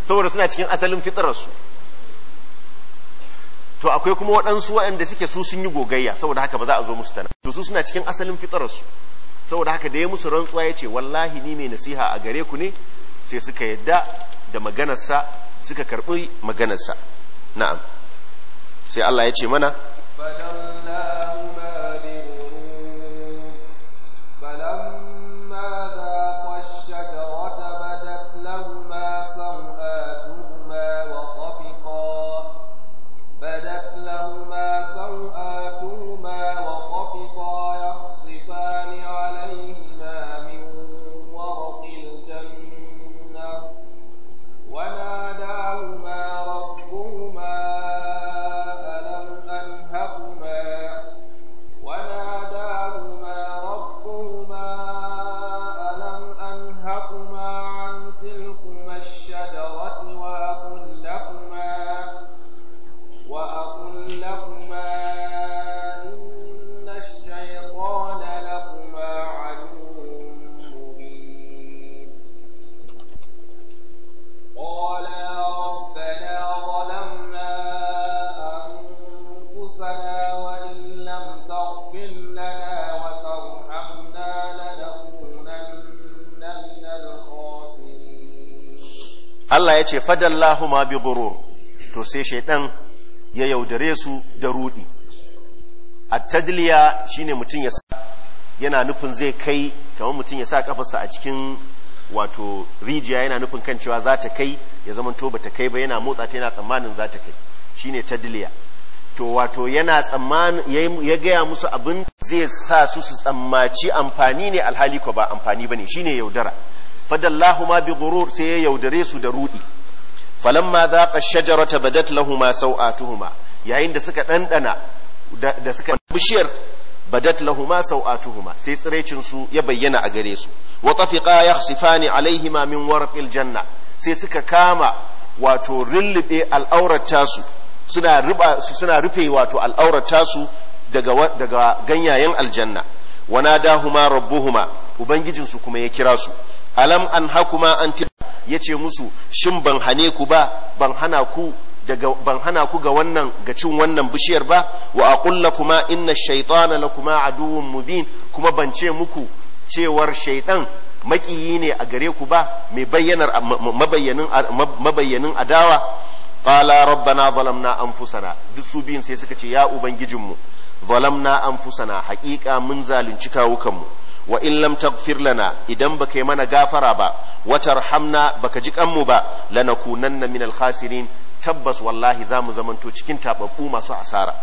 saboda suna cikin asalin fitararsu to akwai kuma waɗansu waɗanda suke su sun yi gogayya saboda haka ba za a zo musu tana to su suna cikin asalin fitararsu saboda haka da ya musu rantsuwa ya ce wallahi ni mai nasiha a gare ku ne sai suka yadda da maganarsa suka karɓi maganarsa na'am sai Allah ya ce mana ya ce fadallahu ma bi gurur to sai shaidan ya yaudare su da rudi at-tadliya shine mutum ya sa yana nufin zai kai kamar mutum ya sa kafarsa a cikin wato rijiya yana nufin kan cewa za ta kai ya zama to bata kai ba yana motsa ta yana tsammanin za ta kai shine tadliya to wato yana tsammanin ya gaya musu abin zai sa su su tsammaci amfani ne alhali ko ba amfani bane shine yaudara fadallahuma bi ghurur sai ya yaudare su da rudi falamma dhaqa ash-shajarata badat lahumu sau'atuhuma yayin da suka dandana da suka bishiyar badat lahumu tuhuma. sai tsirecin su ya bayyana a gare su wa tafiqa yakhsifani alaihima min warqil janna sai suka kama wato rillube al'aurata su suna suna rufe wato al'aurata su daga daga ganyayen aljanna wanadahuma rabbuhuma ubangijinsu kuma ya kira su alam an hakuma an ya ce musu shin ban hane ku ba ban hana ku ga wannan ga cin wannan bishiyar ba wa ina kuma inna kuma lakuma aduwwun mubin kuma ban ce muku cewar shaytan makiyi ne a gare ku ba mai bayyanar mabayyanin mabayyanin adawa qala rabbana zalamna anfusana duk su biyun sai suka ce ya ubangijinmu zalamna anfusana haƙiƙa mun zalunci kawukanmu wa in lam taghfir lana idan baka yi mana gafara ba wa tarhamna baka ji kanmu ba lanakunanna min al-khasirin tabbas wallahi zamu zamanto cikin tababbu masu asara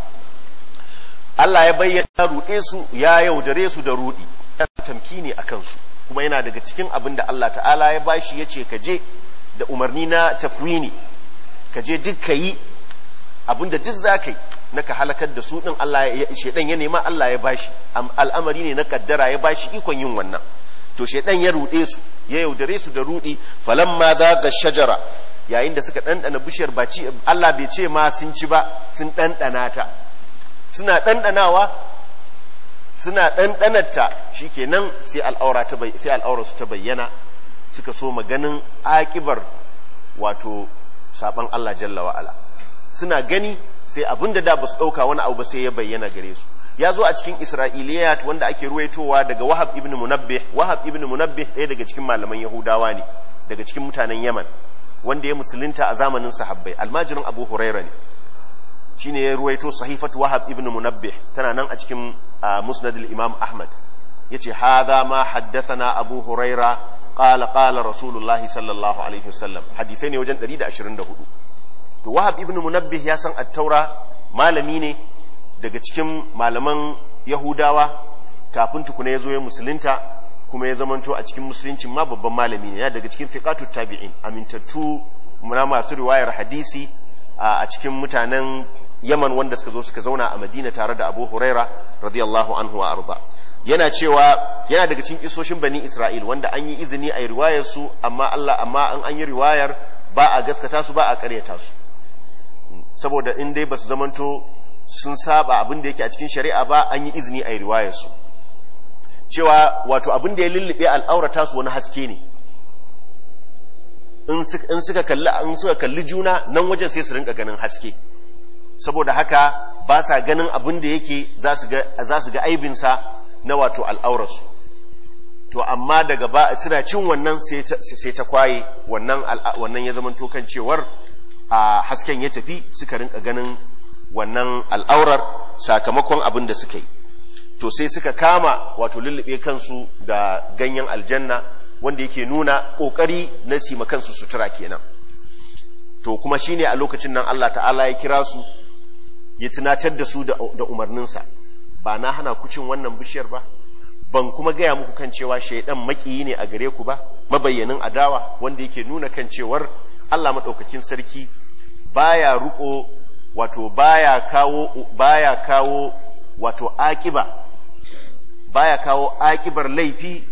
Allah ya bayyana ruɗe su ya yaudare su da ruɗi tamkini a su kuma yana daga cikin abin da Allah ta'ala ya bashi yace ce je da umarni na tafwini kaje duk kayi yi duk zaka yi na ka halakar da su ɗin Allah ya shedan ya nema Allah ya bashi al'amari ne na kaddara ya bashi ikon yin wannan to shedan ya rude su ya yaudare su da rudi falamma ga shajara yayin da suka dandana bishiyar ba ci Allah bai ce ma sun ci ba sun ɗanɗana ta suna ɗanɗanawa suna ta shikenan sai al'aura ta sai al'aura su ta bayyana suka so maganin aƙibar wato saban Allah jalla wa suna gani sai abin da da ba su ɗauka wani abu ba sai ya bayyana gare su ya zo a cikin isra'iliyat wanda ake ruwaitowa daga wahab ibn munabbih wahab ibn munabbih ɗaya daga cikin malaman yahudawa ne daga cikin mutanen yaman wanda ya musulunta a zamanin sahabbai almajirin abu huraira ne shine ya ruwaito sahifatu wahab ibn munabbih tana nan a cikin musnad imam ahmad yace hadha ma haddathana abu huraira qala qala rasulullahi sallallahu alaihi wasallam hadisai ne wajen 124 to wahab ibn munabbih ya san at-taura malami ne daga cikin malaman yahudawa kafin tukuna yazo ya musulunta kuma ya zamanto a cikin musuluncin ma babban malami ne ya daga cikin fiqatu tabi'in amintattu na masu riwayar hadisi a cikin mutanen yaman wanda suka zo suka zauna a madina tare da abu huraira radiyallahu anhu wa arda yana cewa yana daga cikin isoshin bani isra'il wanda an yi izini a riwayar su amma allah amma an yi riwayar ba a gaskata su ba a karyata su saboda in dai ba su zamanto sun saba abin da yake a cikin shari'a ba an yi izini a yi riwayarsu cewa wato abin da ya lullube al'aurata su wani haske ne in suka kalli in suka kalli juna nan wajen sai su rinka ganin haske saboda haka ba sa ganin abin da yake za su ga aibinsa na wato al'aurarsu to amma daga ba suna cin wannan sai ta kwaye wannan ya zamanto kan cewar a hasken ya tafi suka rinka ganin wannan al'aurar sakamakon abin da suka yi to sai suka kama wato lullube kansu da ganyen aljanna wanda yake nuna kokari na sima kansu sutura kenan to kuma shine a lokacin nan Allah ta'ala ya kira su ya tunatar da su da umarninsa ba na hana ku cin wannan bishiyar ba ban kuma gaya muku kan cewa shaidan makiyi ne a gare ku ba mabayyanin adawa wanda yake nuna kan cewar Allah maɗaukakin sarki baya ruko wato baya kawo baya kawo wato akiba baya kawo akibar laifi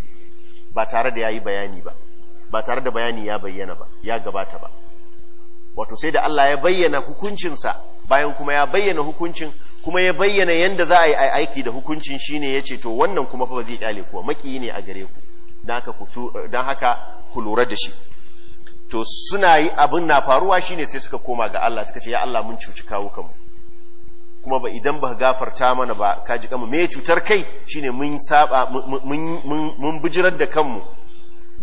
ba tare da yayi bayani ba ba tare da bayani ya bayyana ba ya gabata ba wato sai da Allah ya bayyana hukuncinsa bayan kuma ya bayyana hukuncin kuma ya bayyana yadda za a yi aiki da hukuncin ne ya ce to wannan kuma fa ba zai kyale kuwa maki ne a gare ku don haka ku lura da shi to suna yi abin na faruwa shine sai suka koma ga Allah suka ce ya Allah mun cuci kawo kanmu kuma ba idan ba gafarta mana ba ka ji kanmu me cutar kai shine mun saba mun bijirar da kanmu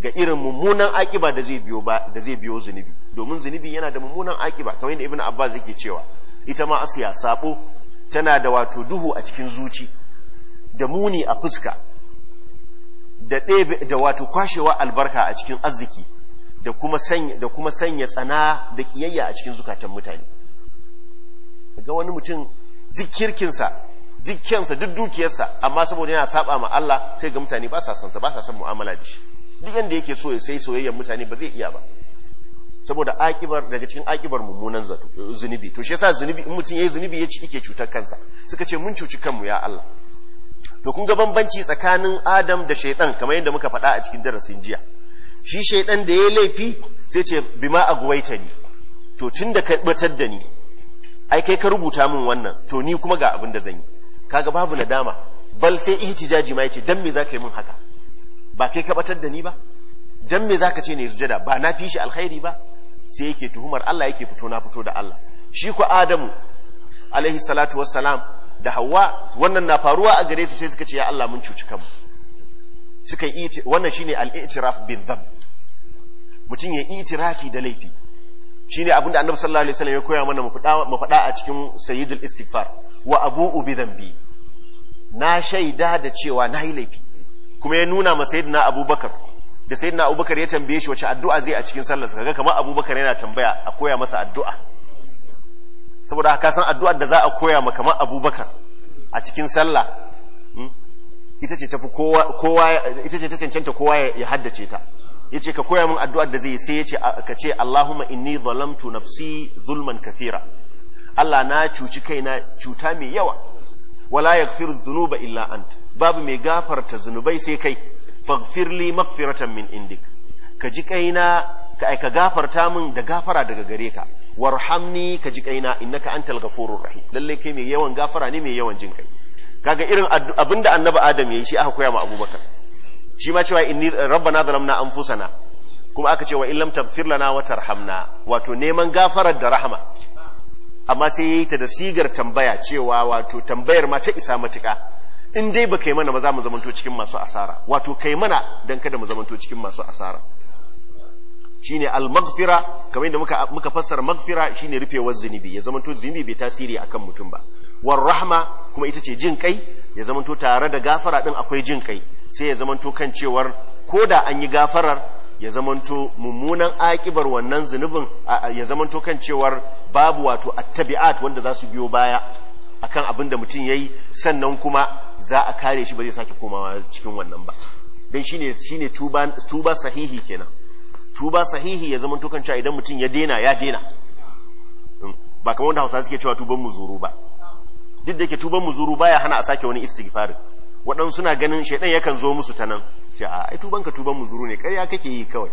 ga irin mummunan akiba da zai biyo ba zunubi domin zunubi yana da mummunan akiba kamar yadda Abba abbas ke cewa ita ma asiya sabo tana da wato duhu a cikin zuci da muni a fuska da da wato kwashewa albarka a cikin arziki da kuma sanya da kuma sanya tsana da kiyayya a cikin zukatan mutane ga wani mutum duk kirkinsa duk kyansa duk dukiyarsa amma saboda yana saba ma Allah sai ga mutane ba sa son sa ba sa son mu'amala da shi duk yanda yake so ya sai soyayyar mutane ba zai iya ba saboda akibar daga cikin akibar mummunan zato zunubi to shi yasa zunubi in mutum yayi zunubi ya yake cutar kansa suka ce mun cuci kanmu ya Allah to kun ga bambanci tsakanin Adam da shaiɗan kamar yadda muka faɗa a cikin darasin jiya shi shaidan da ya laifi sai ce bima guwaita ni to tun da ka batar da ni ai kai ka rubuta min wannan to ni kuma ga abin da zan yi kaga babu nadama bal sai ihtijaji ma yace dan me zaka yi min haka ba kai ka batar da ni ba dan me zaka ce ne sujada ba na fi shi alkhairi ba sai yake tuhumar Allah yake fito na fito da Allah shi ku Adamu alaihi salatu wassalam da Hawwa wannan na faruwa a gare su sai suka ce ya Allah mun cuci kanmu suka yi wannan shine al-i'tiraf bin dhanb mutum ya itirafi da laifi shi ne da annabi sallallahu alaihi wasallam ya koya mana mu faɗa a cikin sayyidul istighfar wa abu bi zambi na shaida da cewa na yi laifi kuma ya nuna ma sayyidina abubakar da sayyidina abubakar ya tambaye shi wace addu'a zai a cikin sallar kaga kamar abubakar yana tambaya a koya masa addu'a saboda haka san addu'ar da za a koya ma kamar abubakar a cikin sallah hmm, ita ce ta kowa ita ce ta cancanta kowa ya haddace ta ya ce ka koya min addu'ar da zai sai yace ka ce Allahumma inni zalamtu nafsi zulman kafira Allah na cuci kaina cuta mai yawa wala yaghfiru zunuba illa ant babu mai gafarta zunubai sai kai faghfirli maghfiratan min indik ka ji kaina ka aika gafarta min da gafara daga gare ka warhamni ka ji kaina innaka antal ghafurur rahim lalle kai mai yawan gafara ne mai yawan jin kai kaga irin abinda annabi adam yayi shi aka koya ma abubakar shi ma cewa inni rabbana zalamna anfusana kuma aka ce wa illam taghfir lana wa tarhamna wato neman gafarar da rahama amma sai yayi ta da sigar tambaya cewa wato tambayar ma ta isa matuka in dai ba kai mana ba za mu zamanto cikin masu asara wato kai mana dan kada mu zamanto cikin masu asara shine al-maghfira kamar yadda muka muka fassara maghfira shine rufewar zunubi ya zamanto zunubi bai tasiri akan mutum ba war rahma kuma ita ce jin kai ya zamanto tare da gafara din akwai jin kai sai ya zamanto kan cewar ko da an yi gafarar ya zamanto mummunan aƙibar wannan zunubin ya zamanto kan cewar babu wato attabi'at wanda za su biyo baya akan abin da mutum ya yi sannan kuma za a kare shi ba zai sake komawa cikin wannan ba don shine shine tuba tuba sahihi kenan tuba sahihi ya zamanto kan cewa idan mutum ya dena ya dena hmm. ba kamar wanda Hausa suke cewa tuban muzuru ba duk da yake tuban muzuru baya hana a sake wani istighfarin waɗansu suna ganin shaidan yakan zo musu ta nan ce a ai tubanka tuban mu zuru ne ƙarya kake yi kawai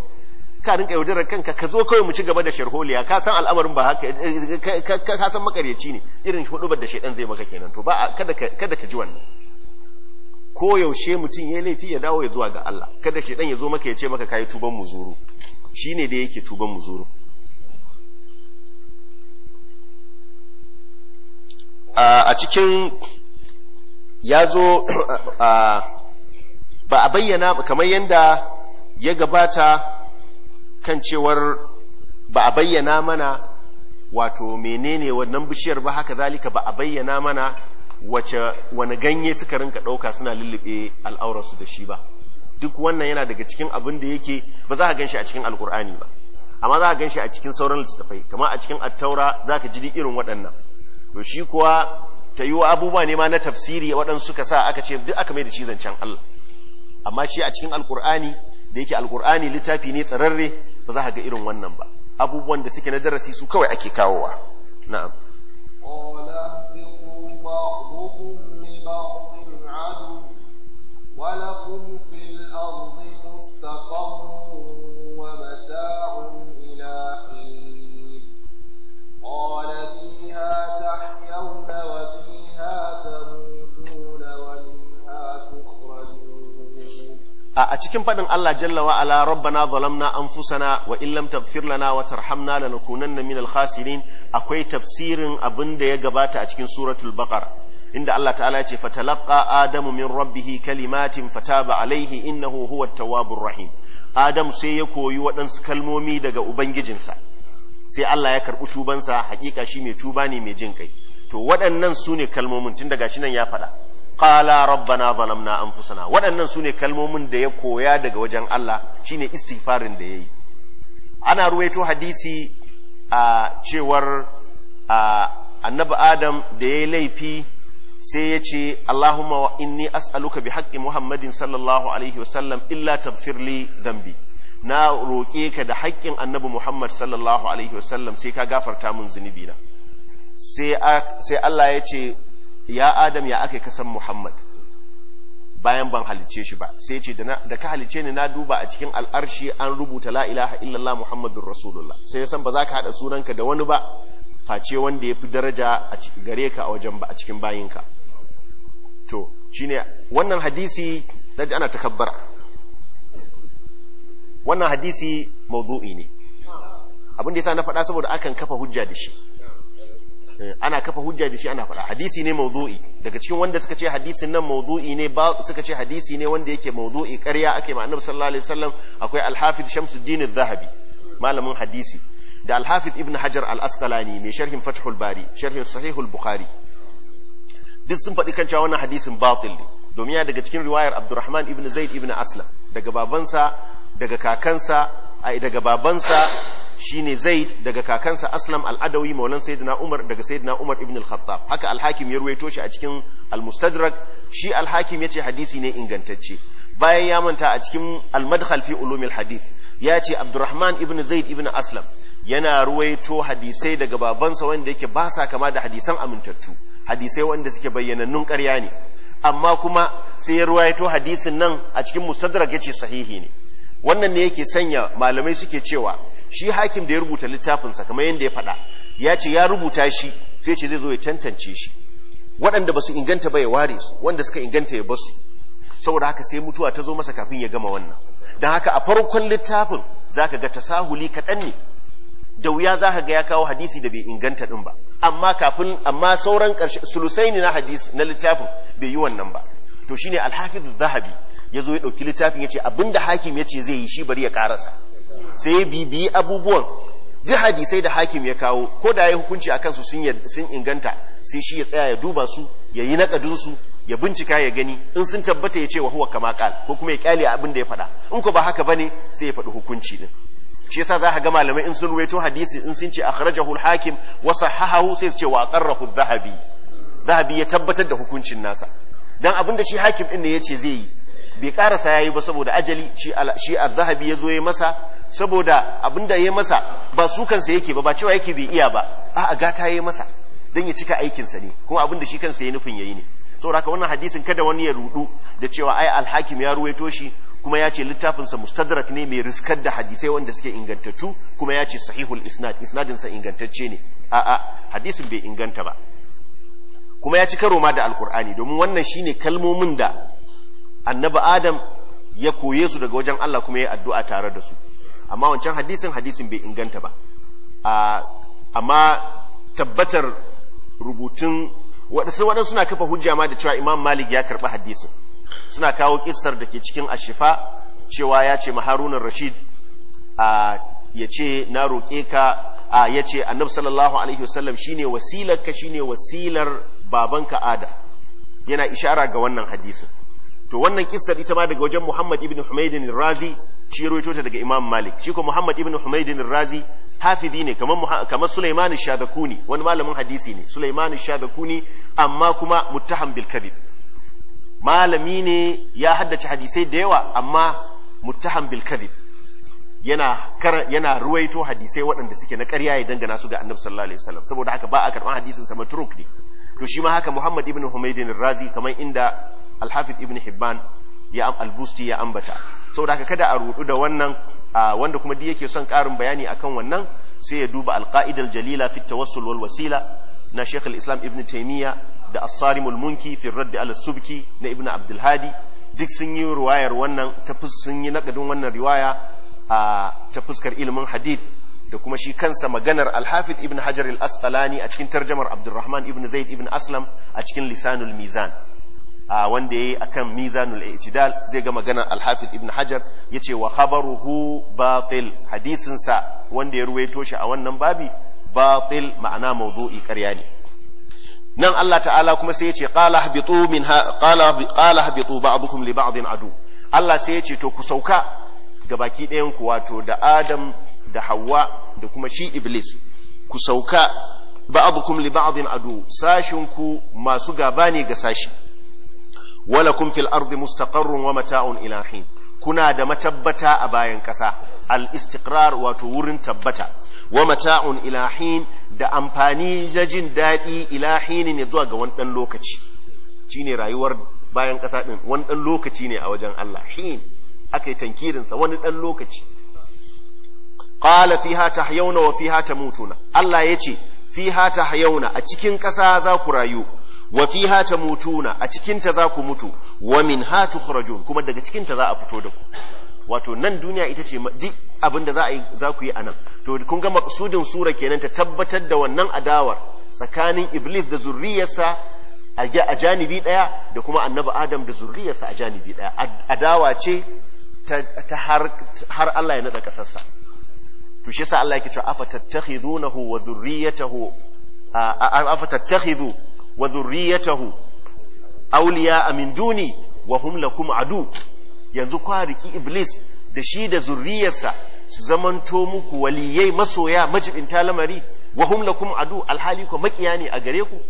ka rinka yaudarar kanka ka zo kawai mu ci gaba da sharholiya ka san al'amarin ba haka ka san makaryaci ne irin hudubar da shaidan zai maka kenan to ba kada ka kada ji wannan ko yaushe mutum ya laifi ya dawo ya zuwa ga Allah kada shaidan ya zo maka ya ce maka kai tuban mu zuru shine da yake tuban mu zuru. a cikin ya zo *clears throat* ba a bayyana kamar yadda ya gabata kan cewar ba a bayyana mana wato menene wannan bishiyar ba haka zalika ba a bayyana mana wace wani ganye suka rinka ɗauka suna lullube al'aurarsu da shi ba duk wannan yana daga cikin abin da yake ba za a gan shi a cikin alkur'ani ba amma za a gan shi a cikin sauran littattafai kamar a cikin attaura za ka ji irin waɗannan to shi kuwa ta yi wa abubuwa ne ma na tafsiri waɗansu suka sa aka ce duk aka mai da shi zancen Allah amma shi a cikin alkur'ani da yake alkur'ani littafi ne tsararre ba za ka ga irin wannan ba abubuwan da suke na darasi su kawai ake kawowa na'am ولكم في الأرض مستقر ومتاع إلى حين a cikin faɗin Allah jalla wa ala rabbana zalamna anfusana wa in lam taghfir lana wa tarhamna lanakunanna minal khasirin akwai tafsirin abin da ya gabata a cikin suratul baqara inda Allah ta'ala ya ce fatalaqa adamu min rabbihi kalimatin fataba alaihi innahu huwat tawwabur rahim adam sai ya koyi waɗansu kalmomi daga ubangijinsa sai Allah ya karɓi tubansa hakika shi mai tuba ne mai jin kai to waɗannan su ne kalmomin tun daga shi nan ya faɗa qala rabbana zalamna anfusana waɗannan su ne kalmomin da ya koya daga wajen Allah shine istighfarin da ya yi. ana ruwaito hadisi a cewar annabi Adam da yayi laifi sai ya ce Allahumma wa inni as'aluka bi haqqi Muhammadin sallallahu alaihi wasallam illa tafirli zambi. na roƙe ka da haƙƙin annabi Muhammad sallallahu alaihi wasallam sai ka gafarta mun zunubi na sai Allah ya ce ya Adam ya aka kasan Muhammad bayan ban halice shi ba sai ce da ka halice ni na duba a cikin al'arshi an rubuta la ilaha illallah Muhammadur Rasulullah sai ya san ba za ka haɗa sunanka da wani ba face wanda ya fi daraja a gare ka a wajen ba a cikin bayinka to shine wannan hadisi daji ana takabbara wannan hadisi mawdu'i ne abin da yasa na faɗa saboda akan kafa hujja da shi eh, ana kafa hujja da shi ana faɗa hadisi ne mawdu'i daga cikin wanda suka ce hadisin nan mawdu'i ne ba suka ce hadisi ne wanda yake mawdu'i ƙarya ake ma annabi sallallahu alaihi wasallam akwai al-hafiz Shamsuddin adh-Dhahabi malamin hadisi da al-hafiz ibn Hajar al-Asqalani mai sharhin Fathul Bari sharhin Sahihul Bukhari duk sun faɗi kan cewa wannan hadisin batil ne domin ya daga cikin riwayar Abdurrahman ibn Zaid ibn Aslam daga babansa daga kakansa ai daga babansa shine zaid daga kakansa aslam al'adawi adawi maulan sayyidina umar daga sayyidina umar ibn al-khattab haka al-hakim ya ruwaito shi a cikin al-mustadrak shi al-hakim yace hadisi ne ingantacce bayan ya manta a cikin al-madkhal fi ulum al-hadith yace abdurrahman ibn zaid ibn aslam yana ruwaito hadisai daga babansa wanda yake ba sa kama da hadisan amintattu hadisai wanda suke bayyanannun ƙarya ne amma kuma sai ya ruwaito hadisin nan a cikin mustadrak yace sahihi ne wannan ne yake sanya malamai suke cewa shi hakim da ya rubuta littafinsa kamar yadda ya faɗa ya ce ya rubuta shi sai ce zai zo ya tantance shi waɗanda ba su inganta ba ya ware su wanda suka inganta ya basu saboda haka sai mutuwa ta zo masa kafin ya gama wannan don haka a farkon littafin za ka ga tasahuli kaɗan ne da wuya za ka ga ya kawo hadisi da bai inganta ɗin ba amma kafin amma sauran ƙarshe sulusaini na hadisi na littafin bai yi wannan ba to shine alhafiz zahabi ya zo ya ɗauki littafin ya ce abinda hakim ya ce zai yi shi bari ya karasa sai ya bibiyi abubuwan duk hadisai da hakim ya kawo ko da ya hukunci a kansu sun inganta sai shi ya tsaya ya duba su ya yi naƙadunsu ya bincika ya gani in sun tabbata ya ce wa huwa kama kal ko kuma ya kyale abin da ya faɗa in ko ba haka bane sai ya faɗi hukunci din shi yasa za ka ga malamai in sun ruwaito hadisi in sun ce akhrajahu al-hakim wa sahahahu sai su ce wa qarrahu adh-dhahabi dhahabi ya tabbatar da hukuncin nasa dan abin da shi hakim din ne yace zai yi bai karasa ya yi ba saboda ajali shi a zahabi ya zo ya masa saboda abinda ya masa ba su kansa yake ba ba cewa yake bai iya ba a gata ya masa don ya cika aikinsa ne kuma abinda shi kansa ya nufin ya yi ne saboda haka wannan hadisin kada wani ya rudu da cewa ai alhakim ya ruwaito shi kuma ya ce littafinsa mustadrak ne mai riskar da hadisai wanda suke ingantattu kuma ya ce sahihul isnad isnadinsa ingantacce ne a'a hadisin bai inganta ba kuma ya ci karo ma da alkur'ani domin wannan shine kalmomin da annabi adam ya koye su daga wajen Allah kuma ya addu'a tare da su amma wancan hadisin hadisin bai inganta ba amma tabbatar rubutun waɗansu waɗansu suna kafa hujja ma da cewa imam malik ya karɓi hadisin suna kawo kissar da ke cikin ashifa cewa ya ce maharunan rashid ya ce na roƙe ka ya ce annab sallallahu alaihi wasallam shine wasilar ka ne wasilar babanka adam yana ishara ga wannan hadisin to wannan kissar ita ma daga wajen Muhammad ibn Humaydin al-Razi shi rawaito ta daga Imam Malik shi ko Muhammad ibn Humaydin al-Razi hafizi ne kamar kamar Sulaiman shadakuni wani malamin hadisi ne Sulaiman shadakuni amma kuma muttaham bil kadhib malami ne ya haddace hadisai da yawa amma muttaham bil kadhib yana yana ruwaito hadisai waɗanda suke na ƙarya ya dangana su ga Annabi sallallahu alaihi wasallam saboda haka ba a karɓan hadisin sa matruk ne to shi ma haka Muhammad ibn Humaydin al-Razi kamar inda Alhafid ibn hibban ya albusti ya ambata saboda haka kada a rudu da wannan wanda kuma duk yake son karin bayani akan wannan sai ya duba alqaidal jalila fi tawassul wal wasila na Sheikh al-Islam Ibn Taimiyya da As-Sarim al-Munki fi Radd al-Subki na Ibn Abdul Hadi duk sun yi riwayar wannan ta sun yi nakadin wannan riwaya a ta fuskar ilimin hadith da kuma shi kansa maganar Al-Hafiz Ibn Hajar al-Asqalani a cikin tarjamar Abdurrahman Ibn Zaid Ibn Aslam a cikin Lisanul Mizan wanda yayi akan mizanul i'tidal zai ga magana al-hafiz ibn hajar yace wa khabaruhu batil hadisin sa wanda ya ruwaito shi a wannan babi batil ma'ana mawdu'i ƙarya ne nan Allah ta'ala kuma sai yace qala habitu minha qala qala habitu ba'dukum li ba'din adu Allah sai yace to ku sauka ga baki ɗayan ku wato da Adam da hawa da kuma shi Iblis ku sauka ba'dukum li ba'din adu sashin ku masu gaba ne ga sashi walakum fil ardi mustaqarrun wa mata'un ila hin kuna da matabbata a bayan ƙasa al istiqrar wato wurin tabbata wa mata'un ila hin da amfani jajin jin daɗi ila hin ya zuwa ga wani ɗan lokaci shine rayuwar bayan ƙasa ɗin wani ɗan lokaci ne a wajen Allah hin akai tankirin tankirinsa wani ɗan lokaci qala fiha tahyawna wa fiha tamutuna Allah yace fiha tahyawna a cikin ƙasa za ku rayu wa fiha mutuna a cikinta za ku mutu wa minha tukhrajun kuma daga cikin ta za a fito da ku wato nan duniya ita ce duk abin da za ku yi a nan. to kun ga maksudin sura kenan ta tabbatar da wannan adawar tsakanin iblis da zurriyarsa a janibi daya da kuma annabi adam da zurriyarsa a janibi daya adawa ce ta har Allah ya naɗa kasarsa to shi yasa Allah yake cewa afatattakhidunahu wa zurriyatahu wa zurriyatahu awliya min duni wa hum lakum adu yanzu kwa riki iblis da shi da zurriyarsa su zamanto muku waliyai masoya majibinta lamari wa hum lakum adu alhali ko makiya ne a gare ku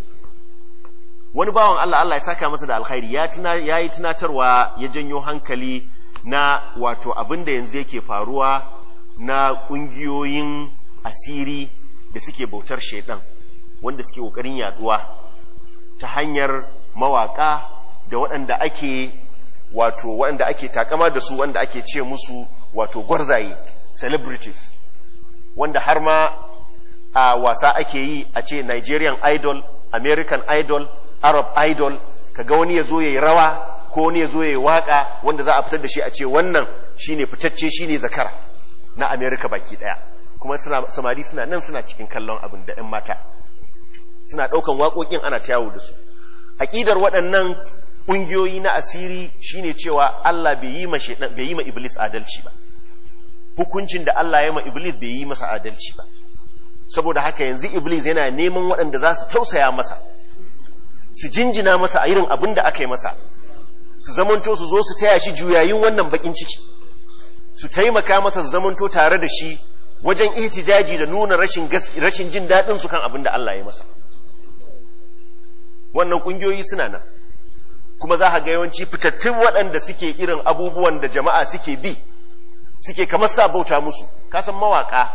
wani bawan Allah Allah ya saka masa da alkhairi ya tuna yayi tunatarwa ya janyo hankali na wato abinda yanzu yake faruwa na kungiyoyin asiri da suke bautar shaiɗan wanda suke kokarin yaduwa ta hanyar mawaka da waɗanda ake wato waɗanda ake takama da su wanda ake ce musu wato gwarzaye celebrities wanda har ma a wasa ake yi a ce Nigerian idol American idol Arab idol kaga wani ya zo ya yi rawa ko wani ya zo ya yi waka wanda za a fitar da shi a ce wannan shi ne fitacce shi ne zakara na America baki ɗaya kuma samari suna nan suna cikin kallon abin da 'yan mata suna ɗaukan waƙoƙin ana ta yawo da su aƙidar waɗannan ƙungiyoyi na asiri shine cewa Allah bai yi ma iblis adalci ba hukuncin da Allah ya ma iblis bai yi masa adalci ba saboda haka yanzu iblis yana neman waɗanda za su tausaya masa su jinjina masa a irin abin da aka yi masa su zamanto su zo su taya shi juyayin wannan bakin ciki su taimaka masa su zamanto tare da shi wajen ihtijaji da nuna rashin jin daɗin su kan abin da Allah ya masa wannan ƙungiyoyi suna nan kuma za a ga yawanci fitattun waɗanda suke irin abubuwan da jama'a suke bi suke kamar sa bauta musu kasan mawaka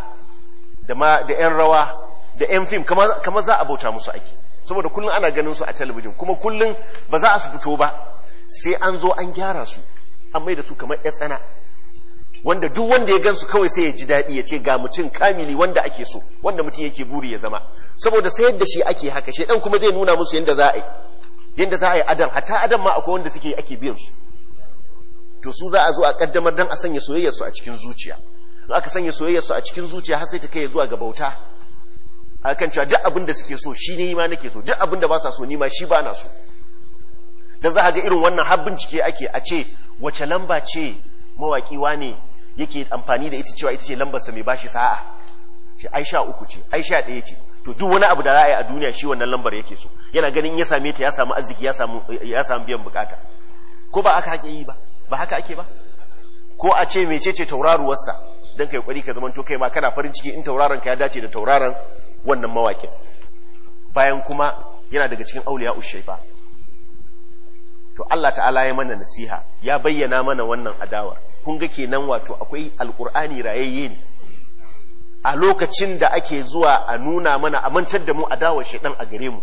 da ma da 'yan rawa da 'yan fim kamar za a bauta musu ake saboda kullum ana ganin su a talabijin kuma kullum ba za a su fito ba sai an zo an gyara su an mai da su kamar ƴan tsana wanda duk wanda ya gansu kawai sai ya ji daɗi ya ce ga mutum kamili wanda ake so wanda mutum yake buri ya zama saboda sayar da shi ake haka shi ɗan kuma zai nuna musu yadda za a yi yadda za a yi adam hatta adam ma akwai wanda suke ake biyan su to su za a zo a kaddamar dan a sanya soyayyar su a cikin zuciya in aka sanya soyayyar su a cikin zuciya har sai ta kai zuwa ga bauta akan cewa duk abin da suke so shi ne ma nake so duk abin da ba sa so ni ma shi ba na so dan za a ga irin wannan har bincike ake a ce wace lamba ce mawaki ne. yake amfani da ita cewa ita ce lambarsa mai bashi sa'a ce aisha uku ce aisha ɗaya ce to duk wani abu da za a yi a duniya shi wannan lambar yake so yana ganin ya same ta ya samu arziki ya samu ya samu biyan bukata ko ba aka haƙe yi ba ba haka ake ba ko a ce mecece tauraruwarsa don kai kwari ka to kai ma kana farin ciki in tauraron ka ya dace da tauraron wannan mawaƙin bayan kuma yana daga cikin auliya ushaifa to Allah ta'ala ya mana nasiha ya bayyana mana wannan adawar kun ga kenan wato akwai alkur'ani rayayye ne a lokacin da ake zuwa a nuna mana a mantar da mu a dawo dan a gare mu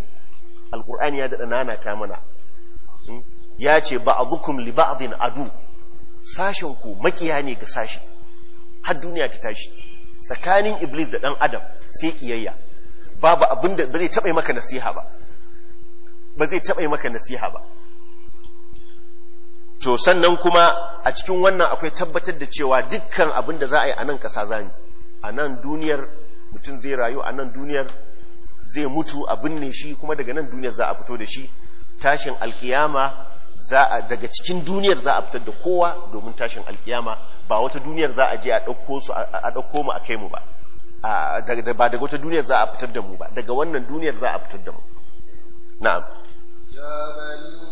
alkur'ani ya daɗa nana ta mana hmm? ya ce ba ba'dukum li ba'din adu sashen ku makiya ne ga sashi har duniya ta tashi tsakanin iblis da ɗan adam sai kiyayya babu abin da ba zai taɓa maka nasiha ba ba zai taɓa maka nasiha ba to sannan kuma a cikin wannan akwai tabbatar da cewa dukkan abin da za a yi a nan ƙasa a nan duniyar mutum zai rayu a nan duniyar zai mutu a binne shi kuma daga nan duniyar za a fito da shi tashin alkiyama daga cikin duniyar za a fitar da kowa domin tashin alkiyama ba wata duniyar za a je a ɗauko su a ɗauko mu a kai mu ba ba daga wata duniyar za a fitar da mu ba daga wannan duniyar za a fitar da mu na'am ya bani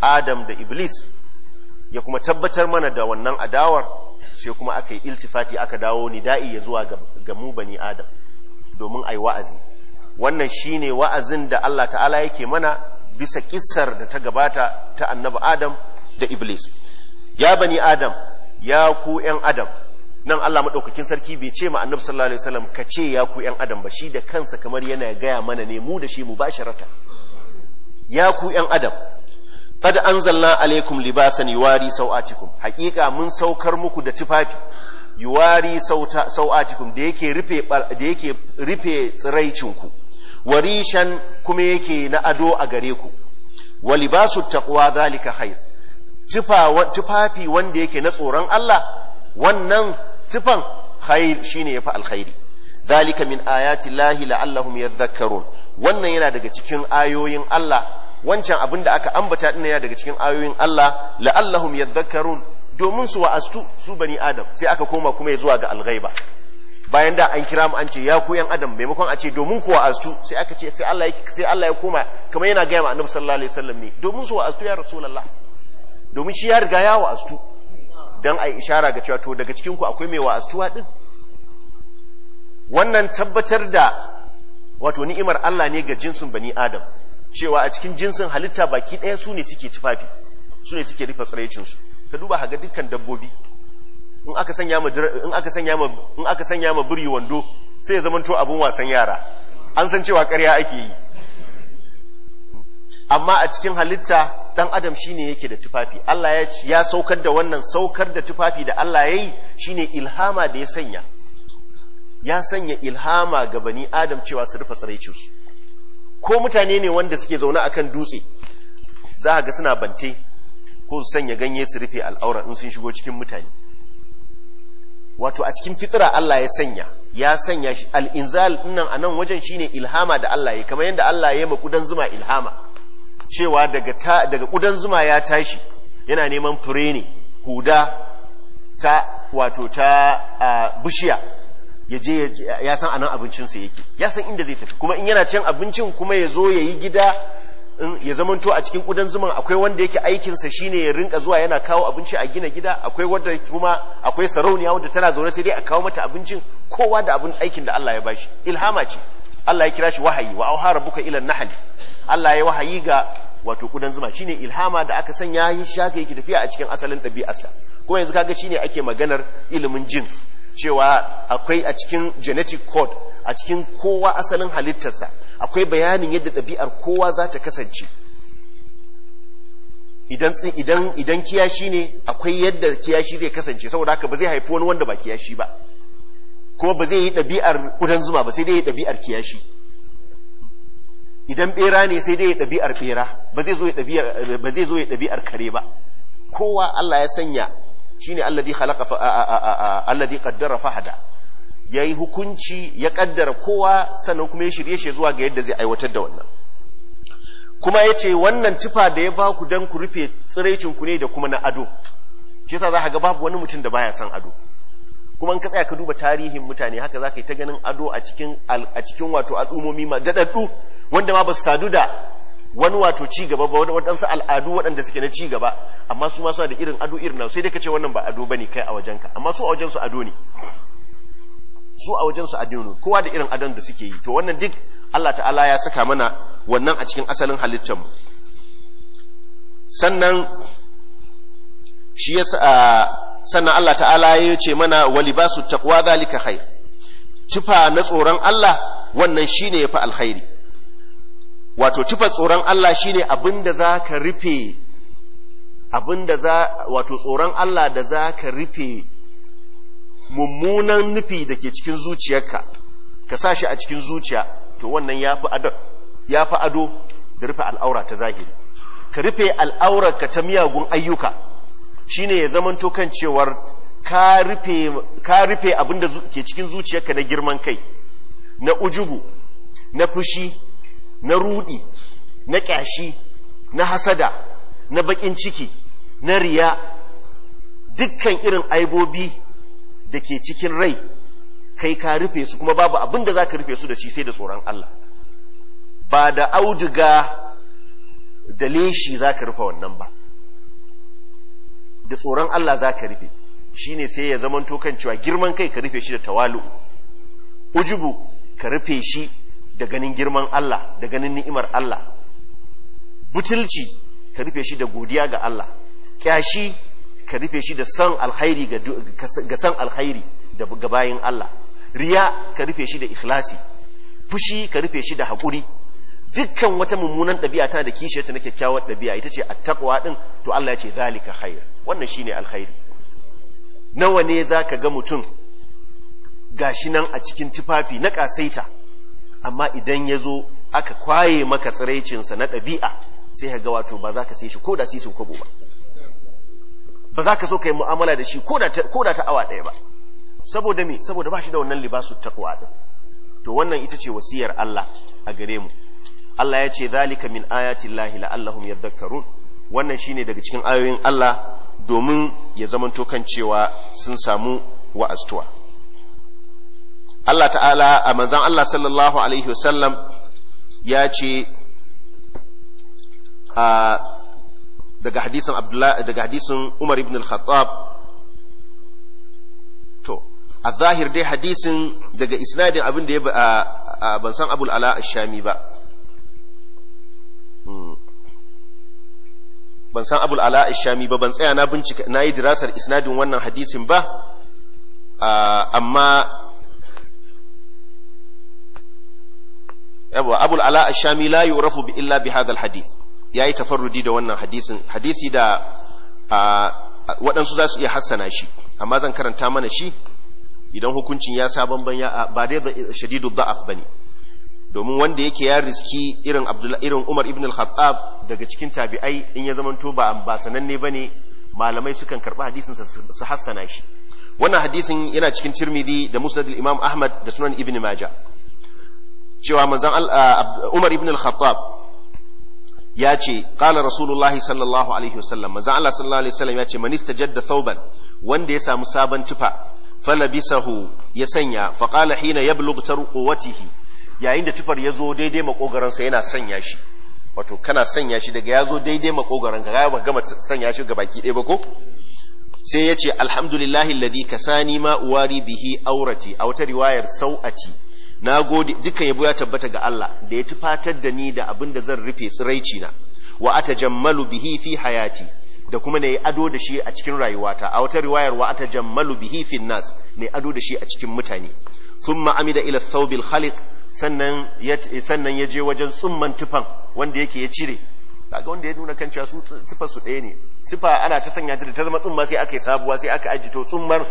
adam da iblis ya kuma tabbatar mana da wannan adawar sai kuma aka yi iltifati aka dawo ni nida'i ya zuwa ga mu bani adam domin ai wa'azi wannan shine wa'azin da Allah ta'ala yake mana bisa kissar da ta gabata ta annabi adam da iblis ya bani adam ya ku yan adam nan Allah maɗaukakin sarki bai ce ma annabi sallallahu alaihi wasallam ka ce ya ku yan adam ba shi da kansa kamar yana gaya mana ne mu da shi mu basharata ya ku yan adam qad anzalna alaikum libasan yuwari sau'atikum haqiqa mun saukar muku da tufafi yuwari sau'atikum da yake rufe da yake rufe tsiraicinku warishan kuma yake na ado a gare ku wa taqwa zalika khair tufafi wanda yake na tsoron Allah wannan tufan khair shine yafi alkhairi zalika min ayati llahi la'allahum yadhakkarun wannan yana daga cikin ayoyin Allah wancan abin da aka ambata dinaya daga cikin ayoyin Allah la'allahum yadhakkarun domin su wa'astu su bani adam sai aka koma kuma zuwa ga alghaiba bayan da an kira mu an ce ya ku yan adam maimakon a ce domin ku wa'astu sai aka ce sai Allah sai Allah ya koma kamar yana gaya ma annabi sallallahu alaihi wasallam ne domin su wa'astu ya rasulullah domin shi ya riga ya wa'astu dan ai ishara ga cewa to daga cikin ku akwai mai wa'astuwa din wannan tabbatar da wato ni'imar Allah ne ga jinsin bani adam cewa a cikin jinsin halitta baki ɗaya su ne suke tufafi su ne suke rufe tsiraicinsu ka duba haga dukkan dabbobi in aka sanya ma buri wando sai ya zamanto abin wasan yara an san cewa karya ake yi amma a cikin halitta ɗan adam shine yake da tufafi Allah ya saukar da wannan saukar da tufafi da Allah ya yi shi ne ilhama da ya sanya ya sanya ilhama ga bani adam cewa su rufe tsiraicinsu ko mutane ne wanda suke zaune akan dutse za a ga suna bante ko su sanya ganye su rufe al'aura in sun shigo cikin mutane wato a cikin fitira Allah ya sanya ya sanya shi al'inzal nan a nan wajen shine ilhama da Allah ya kamar yadda Allah ya yi makudan zuma ilhama cewa daga ta, kudan zuma ya tashi yana neman fure ne huda ta wato ta uh, bishiya ya je ya san anan abincinsa yake ya san inda zai tafi kuma in yana cin abincin kuma ya zo ya yi gida ya zamanto a cikin kudan zuman akwai wanda yake aikinsa shine ya rinka zuwa yana kawo abinci a gina gida akwai wanda kuma akwai sarauniya wanda tana zaune sai dai a kawo mata abincin kowa da abin aikin da Allah ya bashi ilhama ce Allah ya kira shi wahayi wa auha rabbuka ila nahl Allah ya wahayi ga wato kudan zuma shine ilhama da aka sanya shi shaka yake tafiya a cikin asalin dabi'arsa kuma yanzu kaga shine ake maganar ilimin jins cewa akwai a cikin genetic code a cikin kowa asalin halittarsa akwai bayanin yadda ɗabi'ar kowa za ta kasance idan idan idan kiyashi ne akwai yadda kiyashi zai kasance saboda haka ba zai haifi wani wanda ba kiyashi ba kuma ba zai yi ɗabi'ar ƙudan zuma ba sai dai yi ɗabi'ar kiyashi idan bera ne sai dai yi ɗabi'ar bera ba zai zo yi ɗabi'ar kare ba kowa Allah ya sanya shine alladhi khalaqa alladhi qaddara fahada yayi hukunci ya kaddara kowa sannan kuma ya shirye shi zuwa ga yadda zai aiwatar da wannan kuma ya ce wannan tufa da ya baku dan ku rufe tsiraicin ku ne da kuma na ado shi yasa za ka ga babu wani mutum da baya son ado kuma in ka tsaya ka duba tarihin mutane haka za ka yi ta ganin ado a cikin a cikin wato al'umomi ma daɗaɗɗu wanda ma ba su sadu da wani wato ci gaba ba wani wadansu al'adu waɗanda suke na ci gaba amma su masu suna da irin ado irin nan sai dai kace wannan ba ado bane kai a wajenka amma su a wajen su ado ne su a wajen su ado ne kowa da irin adon da suke yi to wannan duk Allah ta'ala ya saka mana wannan a cikin asalin halittar mu sannan shi ya sannan Allah ta'ala ya ce mana walibasu taqwa zalika khair tufa na tsoron Allah wannan shine yafi alkhairi wato tufa tsoron Allah shi ne abinda za ka rufe abinda za wato tsoron Allah da za ka rufe mummunan nufi da ke cikin zuciyarka ka sa shi a cikin zuciya to wannan ya fi ado da rufe al'aura ta zahiri ka rufe al'aurarka ta miyagun ayyuka shi ne ya zamanto kan cewar ka rufe abinda ke cikin zuciyarka na girman kai na ujubu na fushi na rudi na ƙyashi na hasada na baƙin ciki na riya dukkan irin aibobi da ke cikin rai kai ka rufe su kuma babu abin da za ka rufe su da shi sai da tsoron Allah ba da auduga da leshi za ka rufe wannan ba da tsoron Allah za ka rufe shi ne sai ya zamanto kan cewa girman kai ka rufe shi da tawalu ujubu ka rufe shi da ganin girman Allah da ganin ni'imar Allah butulci ka rufe shi da godiya ga Allah kyashi ka rufe shi da san alkhairi ga san alkhairi da ga Allah riya ka rufe shi da ikhlasi fushi ka rufe shi da haƙuri dukkan wata mummunan ɗabi'a tana da kishiyar ta na kyakkyawar ɗabi'a ita ce a taƙwa ɗin to Allah ya ce zalika khair wannan shine alkhairi nawa ne za ka ga mutum gashi nan a cikin tufafi na ƙasaita amma idan ya zo aka kwaye maka tsiraicinsa na ɗabi'a sai ga wato ba za ka sai shi ko da sisin kwabo ba ba za ka so ka yi mu'amala da shi ko da ta awa ɗaya ba saboda me saboda ba shi da wannan libasu ta din to wannan ita ce wasiyar Allah a gare mu Allah ya ce zalika min ayati llahi la'allahum yadhakkarun wannan shi ne daga cikin ayoyin Allah domin ya zamanto kan cewa sun samu wa'astuwa Allah ta'ala a manzan Allah sallallahu alaihi wasallam ya ce daga hadisin daga hadisin Umar ibn al-Khattab to a zahir dai hadisin daga isnadin abin da ya ban san Abul Ala ash-Shami ba hmm. ban san Abul Ala ash-Shami ba ban tsaya na bincika na yi dirasar isnadin wannan hadisin ba amma abul ala ashami la yurafu bi illa bi hadha alhadith yayi tafarrudi da wannan hadisin hadisi da waɗansu za su iya hassana shi amma zan karanta mana shi idan hukuncin ya sa banban ya ba dai shadidu da'af bane domin wanda yake ya riski irin abdullahi irin umar ibn al-khattab daga cikin tabi'ai in ya zamanto ba ba sananne bane malamai sukan karba hadisin su hassana shi wannan hadisin yana cikin tirmidhi da musnad al-imam ahmad da sunan ibn majah cewa manzon ah, Umar ibn al-Khattab ya ce qala Rasulullah sallallahu alaihi wasallam manzon Allah sallallahu alaihi wasallam ya ce man istajadda thawban wanda ya samu sabon tufa falabisahu ya sanya fa faqala hina yablugh tarquwatihi yayin da tufar ya zo daidai makogaransa yana sanya shi wato kana sanya shi daga ya zo daidai makogaran ka ga gama sanya shi ga baki ɗaya ba ko sai ya ce alhamdulillahi alladhi kasani ma uwari bihi aurati a wata riwayar sau'ati na gode dukkan yabo ya tabbata ga Allah da ya tufatar da ni da abin da zan rufe tsiraici na wa jammalu bihi fi hayati da kuma ne ado da shi a cikin rayuwata a wata riwayar wa jammalu bihi fi nas ne ado da shi a cikin mutane thumma amida ila thawbil khaliq sannan ya sannan ya je wajen tsumman tufan wanda yake ya cire kaga wanda ya nuna kan cewa su tufa su ɗaya ne tufa ana ta sanya ta ta zama tsumma sai aka yi sabuwa sai aka ajito tsummar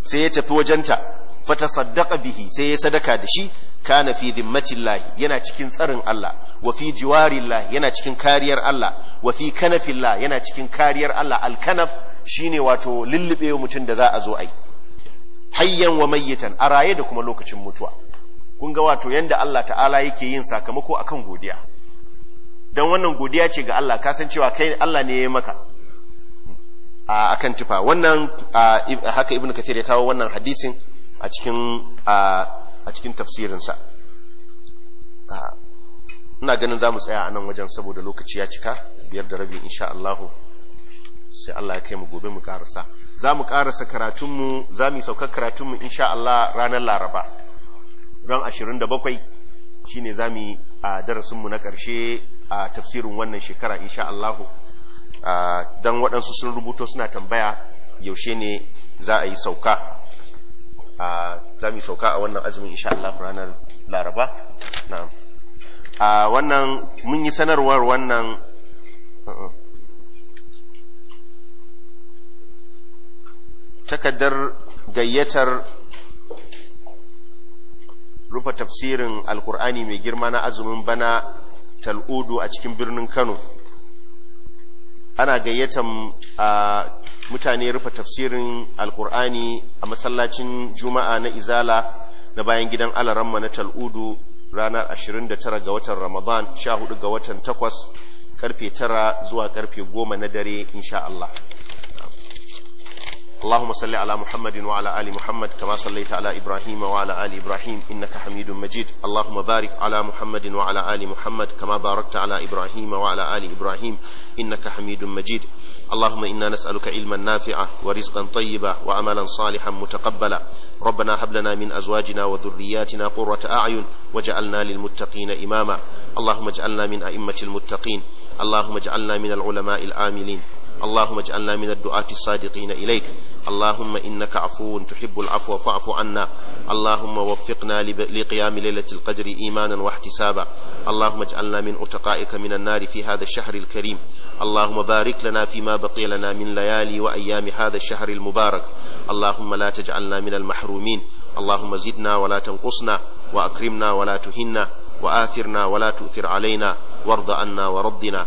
sai ya tafi wajenta fatasaddaqa bihi sai ya sadaka da shi kana fi dhimmatillahi yana cikin tsarin Allah wa fi jiwarillahi yana cikin kariyar Allah wa fi kanafillah yana cikin kariyar Allah alkanaf shine wato lullube mutum da za a zo ai hayyan wa mayyitan a raye da kuma lokacin mutuwa kun ga wato yanda Allah ta'ala yake yin sakamako akan godiya dan wannan godiya ce ga Allah san cewa kai Allah ne ya maka a akan tufa wannan haka ibnu kathir ya kawo wannan hadisin a cikin a cikin tafsirinsa ina ganin za mu tsaya a nan wajen saboda lokaci ya cika biyar da rabi insha Allahu sai Allah ya kai mu gobe mu karasa za mu karasa karatunmu za mu yi saukar karatunmu insha Allah ranar laraba ran 27 shine za mu yi a darasinmu na ƙarshe a tafsirin wannan shekara insha Allahu don waɗansu sun rubuto suna tambaya yaushe ne za a yi sauka a za mu sauka a wannan azumin insha Allah ranar laraba na'am a wannan mun yi sanarwar wannan uh-uh. takaddar gayyatar rufe tafsirin alkur'ani mai girma na azumin bana tal'udu a cikin birnin kano ana gayyatar a uh, mutane rufe tafsirin alkur'ani a masallacin juma'a na izala na bayan gidan alaramma na tal'udu ranar 29 ga watan ramadan 14 ga watan 8 karfe 9 zuwa karfe 10 na dare insha Allah اللهم صل على محمد وعلى آل محمد كما صليت على إبراهيم وعلى آل إبراهيم إنك حميد مجيد اللهم بارك على محمد وعلى آل محمد كما باركت على إبراهيم وعلى آل إبراهيم إنك حميد مجيد اللهم إنا نسألك علما نافعا ورزقا طيبا وعملا صالحا متقبلا ربنا هب لنا من أزواجنا وذرياتنا قرة أعين وجعلنا للمتقين إماما اللهم اجعلنا من أئمة المتقين اللهم اجعلنا من العلماء العاملين اللهم اجعلنا من الدعاة الصادقين إليك اللهم إنك عفو تحب العفو فاعف عنا اللهم وفقنا لقيام ليلة القدر إيمانا واحتسابا اللهم اجعلنا من أتقائك من النار في هذا الشهر الكريم اللهم بارك لنا فيما بقي لنا من ليالي وأيام هذا الشهر المبارك اللهم لا تجعلنا من المحرومين اللهم زدنا ولا تنقصنا وأكرمنا ولا تهنا وآثرنا ولا تؤثر علينا وارض عنا وردنا